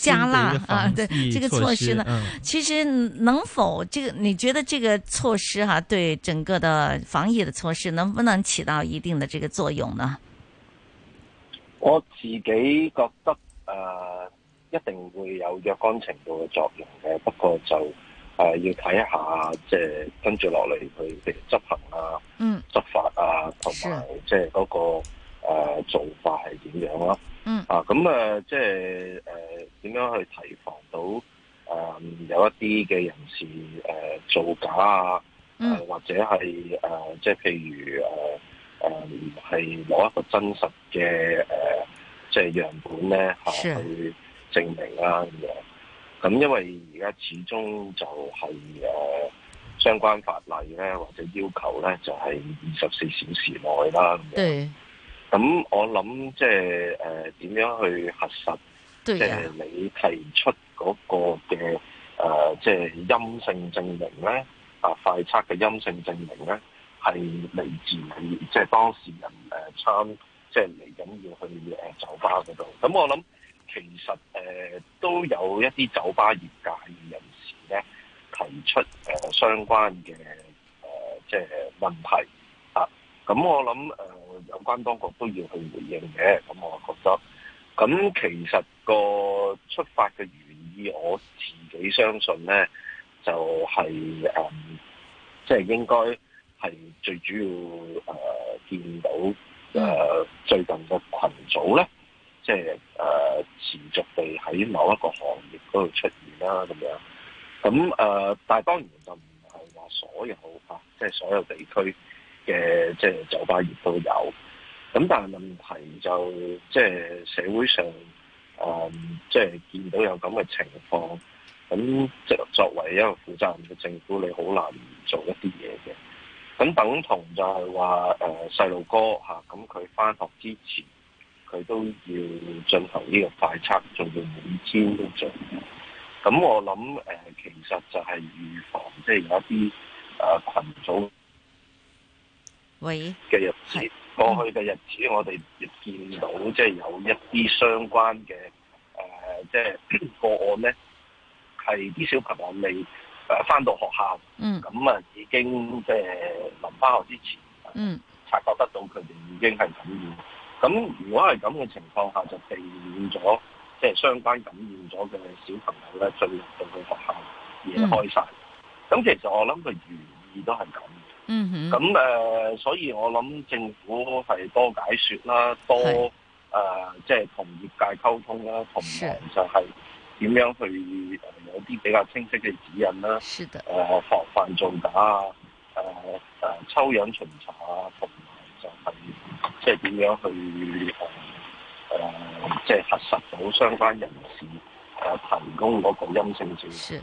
E: 加辣啊！對，這個措施呢，嗯、其實能否這個你覺得這個措施哈、啊，對整個的防疫的措施能不能起到一定的這個作用呢？
Q: 我自己覺得誒、呃，一定會有若干程度嘅作用嘅，不過就誒、呃、要睇一下即係跟住落嚟佢嘅執行啊、嗯、執法啊同埋即係嗰個誒做法係點樣咯、啊。嗯、啊，咁啊、呃，即係誒，點、呃、樣去提防到誒、呃、有一啲嘅人士誒、呃、造假啊、呃？或者係誒、呃，即係譬如誒誒，係、呃、攞一個真實嘅誒、呃，即係樣本咧去證明啦咁樣。咁是、啊啊、因為而家始終就係、是、誒、啊，相關法例咧或者要求咧就係二十四小時內啦。對。咁我諗，即係誒，點、呃、樣去核實？即係呀你提出嗰個嘅誒，即係陰性證明咧，啊，快測嘅陰性證明咧，係嚟自即係、就是、當事人誒參，即係嚟緊要去誒酒吧嗰度。咁我諗，其實誒、呃、都有一啲酒吧業界人士咧，提出誒、呃、相關嘅誒、呃、即係問題啊。咁我諗誒。有關當局都要去回應嘅，咁我覺得，咁其實個出發嘅原意，我自己相信咧，就係、是、誒，即、嗯、係、就是、應該係最主要誒、呃，見到誒、呃、最近嘅群組咧，即係誒持續地喺某一個行業嗰度出現啦，咁樣。咁、嗯、誒、呃，但係當然就唔係話所有嚇，即、啊、係、就是、所有地區。嘅即係酒吧業都有，咁但係問題就即係、就是、社會上即係、嗯就是、見到有咁嘅情況，咁即係作為一個負責任嘅政府，你好難唔做一啲嘢嘅。咁等同就係話細路哥嚇，咁佢返學之前佢都要進行呢個快測，仲要每天都做。咁我諗、呃、其實就係預防，即、就、係、是、有一啲群、啊、組。嘅喂日子，是過去嘅日子，嗯、我哋亦見到，即、就、係、是、有一啲相關嘅誒，即係個案咧，係、就、啲、是、 [coughs] 小朋友未誒返到學校，咁啊、嗯、已經即係臨返學之前，
R: 嗯、
Q: 察覺得到佢哋已經係感染。咁如果係咁嘅情況下，就避免咗即係相關感染咗嘅小朋友咧，最入到嘅學校嘢開晒。咁、嗯、其實我諗佢原意都係咁。嗯咁誒、呃，所以我諗政府係多解説啦，多誒，即係是、呃就是、同業界溝通啦，同埋就係點樣去、呃、有啲比較清晰嘅指引啦。是的、呃、防範造假啊，誒、呃、誒，抽樣巡查啊，同埋就係即係點樣去誒即係核實到相關人士誒、呃、提供嗰個陰性證明。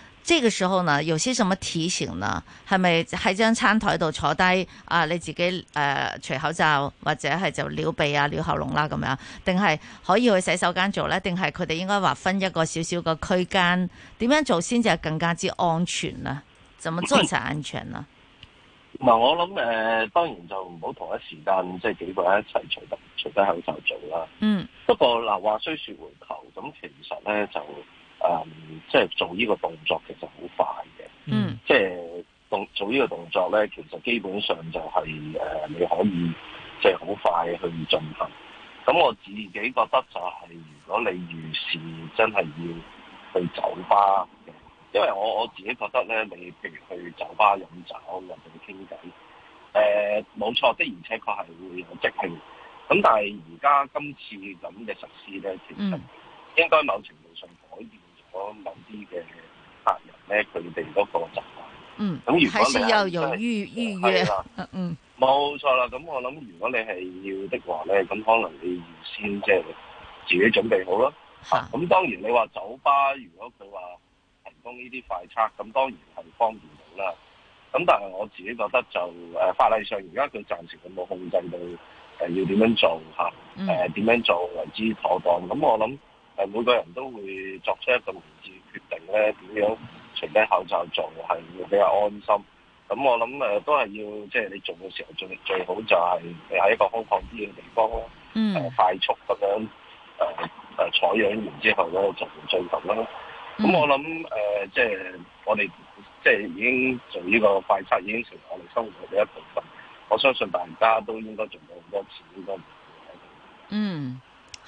E: 這個時候呢，有些什麼提醒呢？係咪喺張餐台度坐低啊？你自己誒，除、呃、口罩或者係就撩鼻啊、撩喉嚨啦咁樣，定係可以去洗手間做呢？定係佢哋應該劃分一個少少嘅區間？點樣做先至係更加之安全呢？怎麼做才安全呢？
Q: 嗱、嗯，我諗誒，當然就唔好同一時間即係幾個人一齊除得除得口罩做啦。嗯。不過嗱，話雖說回頭咁，其實呢就。誒，即係、嗯就是、做呢個動作其實好快嘅，嗯，即係動做呢個動作咧，其實基本上就係誒，你可以即係好快去進行。咁我自己覺得就係如果你預事真係要去酒吧嘅，因為我我自己覺得咧，你譬如去酒吧飲酒或者傾偈，誒冇錯的，而且確係會有即興。咁但係而家今次咁嘅實施咧，其實應該某程度。我某啲嘅客人咧，佢哋嗰個習慣，嗯，
R: 咁如果你先由預預約，嗯，
Q: 冇錯啦。咁我諗，如果你係要的話咧，咁可能你先即係自己準備好啦。咁、啊啊、當然你話酒吧，如果佢話提供呢啲快測，咁當然係方便到啦。咁但係我自己覺得就誒、呃、法例上，而家佢暫時冇控制到誒要點樣做嚇，誒、啊、點樣做為之妥當。咁、嗯啊、我諗。誒，每個人都會作出一個明智決定咧，點樣除低口罩做係會比較安心。咁我諗誒、呃，都係要即係、就是、你做嘅時候，最最好就係你喺一個空曠啲嘅地方咯。嗯、mm. 呃。快速咁樣誒誒、呃、採樣完之後嗰個做完再做啦。
R: 咁我諗
Q: 誒，即係、mm. 呃就是、我哋即係已經做呢個快測，已經成為我哋生活嘅一部分。我相信大家都應該做到好多次，應該唔會喺度。嗯。
E: Mm.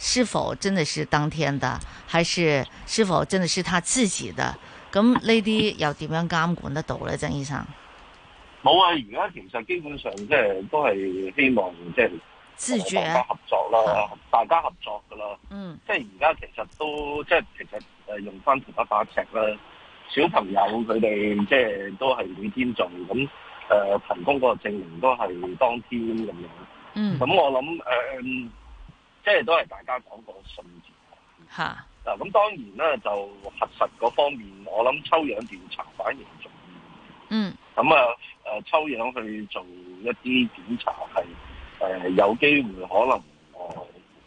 E: 是否真的是當天的，還是是否真的是他自己的？咁呢啲又點樣監管得到咧，鄭醫生？
Q: 冇啊，而家其實基本上即係都係希望即係
E: 自主
R: 合
Q: 作啦，大家合作噶啦。嗯覺。即係而家、啊、其實都即係其實誒用翻同一把尺啦，小朋友佢哋即係都係每天做咁誒，提供嗰個證明都係當天咁樣。嗯。咁我諗誒。呃即係都係大家講個信字。嚇、
E: 啊！
Q: 嗱，咁當然啦，就核實嗰方面，我諗抽樣調查反而重要。嗯。咁啊，誒抽樣去做一啲檢查係誒、啊、有機會可能誒誒、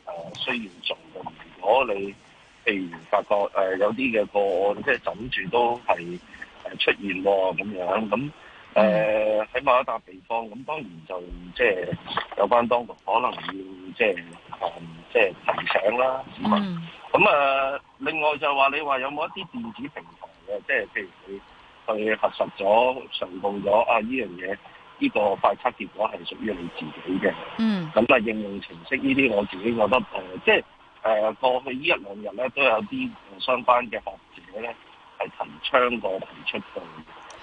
Q: 啊、需要做嘅。如果你譬如發覺誒、啊、有啲嘅個案，即係枕住都係誒出現喎咁樣咁。啊誒喺、mm hmm. uh, 某一笪地方，咁當然就即係、就是、有關當局可能要即係、嗯、即係提醒啦。
R: 咁啊、mm
Q: hmm.，另外就話你話有冇一啲電子平台嘅，即係譬如你去核實咗、上報咗啊呢樣嘢，呢、這個這個快測結果係屬於你自己嘅。嗯、mm。咁啊，應用程式呢啲我自己覺得誒、呃，即係誒、呃、過去呢一兩日咧，都有啲相關嘅學者咧係曾講過提出到。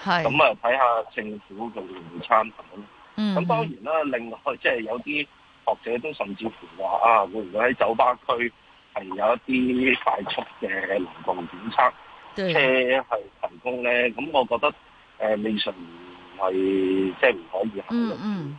Q: 咁啊，睇下是、嗯、政府佢會唔會參考咯。
R: 咁當然
Q: 啦，另外即係、就是、有啲學者都甚至乎話啊，如果喺酒吧區係有一啲快速嘅濃度檢測車係提供咧，咁我覺得誒、呃、未純唔係即係唔可以考慮。
R: 嗯
E: 嗯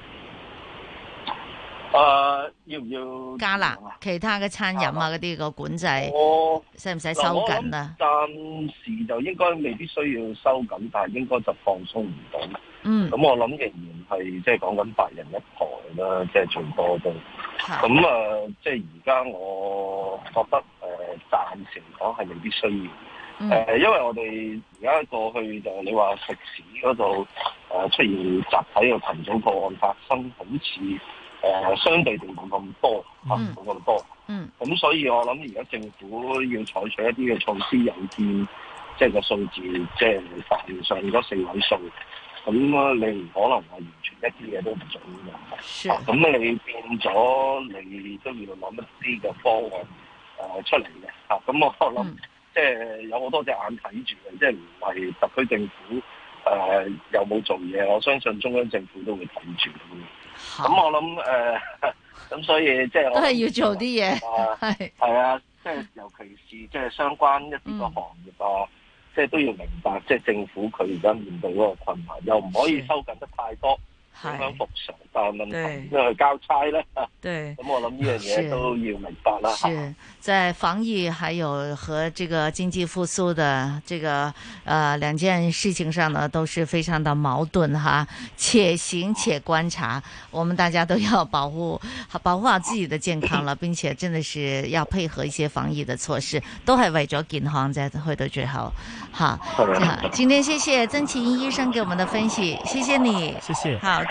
G: 誒，uh, 要唔要
E: 加辣啊？其他嘅餐飲啊，嗰啲個管制，我使唔使收緊啊？
Q: 暫時就應該未必需要收緊，但係應該就放鬆唔到。嗯，咁我諗仍然係即係講緊八人一台啦，即係最多都。咁啊的，即係而家我覺得誒，呃，暫時講係未必需要。
R: 誒、嗯呃，因為我
Q: 哋而家過去就你話食肆嗰度誒出現集體嘅群組個案發生，好似。誒、呃，相對就冇咁多，吓，冇咁多嗯，嗯，咁所以我諗而家政府要採取一啲嘅措施，有見即係個數字，即係發現上咗四位數，咁你唔可能話完全一啲嘢都唔做嘅，咁的、啊、你變咗，你都要諗一啲嘅方案誒出嚟嘅，吓、啊，咁我諗、嗯、即係有好多隻眼睇住嘅，即係唔係特區政府誒、啊、有冇做嘢，我相信中央政府都會睇住嘅。咁我諗誒，咁、呃、所以即係、就是、都係要做啲嘢，係係啊，即 [laughs] 係尤其是即係相關一啲個行業啊，即係、嗯、都要明白，即、就、係、是、政府佢而家面對嗰個困難，又唔可以收緊得太多。點樣復常？八萬蚊都交差啦。
R: 對，
Q: 咁、嗯對嗯、我諗呢樣嘢都要
E: 明白啦。在防疫還有和這個經濟復甦的這個，呃，兩件事情上呢，都是非常的矛盾哈。且行且觀察，我們大家都要保護好，保護好自己的健康了，並且真的是要配合一些防疫的措施， [coughs] 都係為咗健康再回到最後。好，好， [coughs] 今天謝謝曾祈殷醫生給我們的分析，謝謝你，謝謝。好。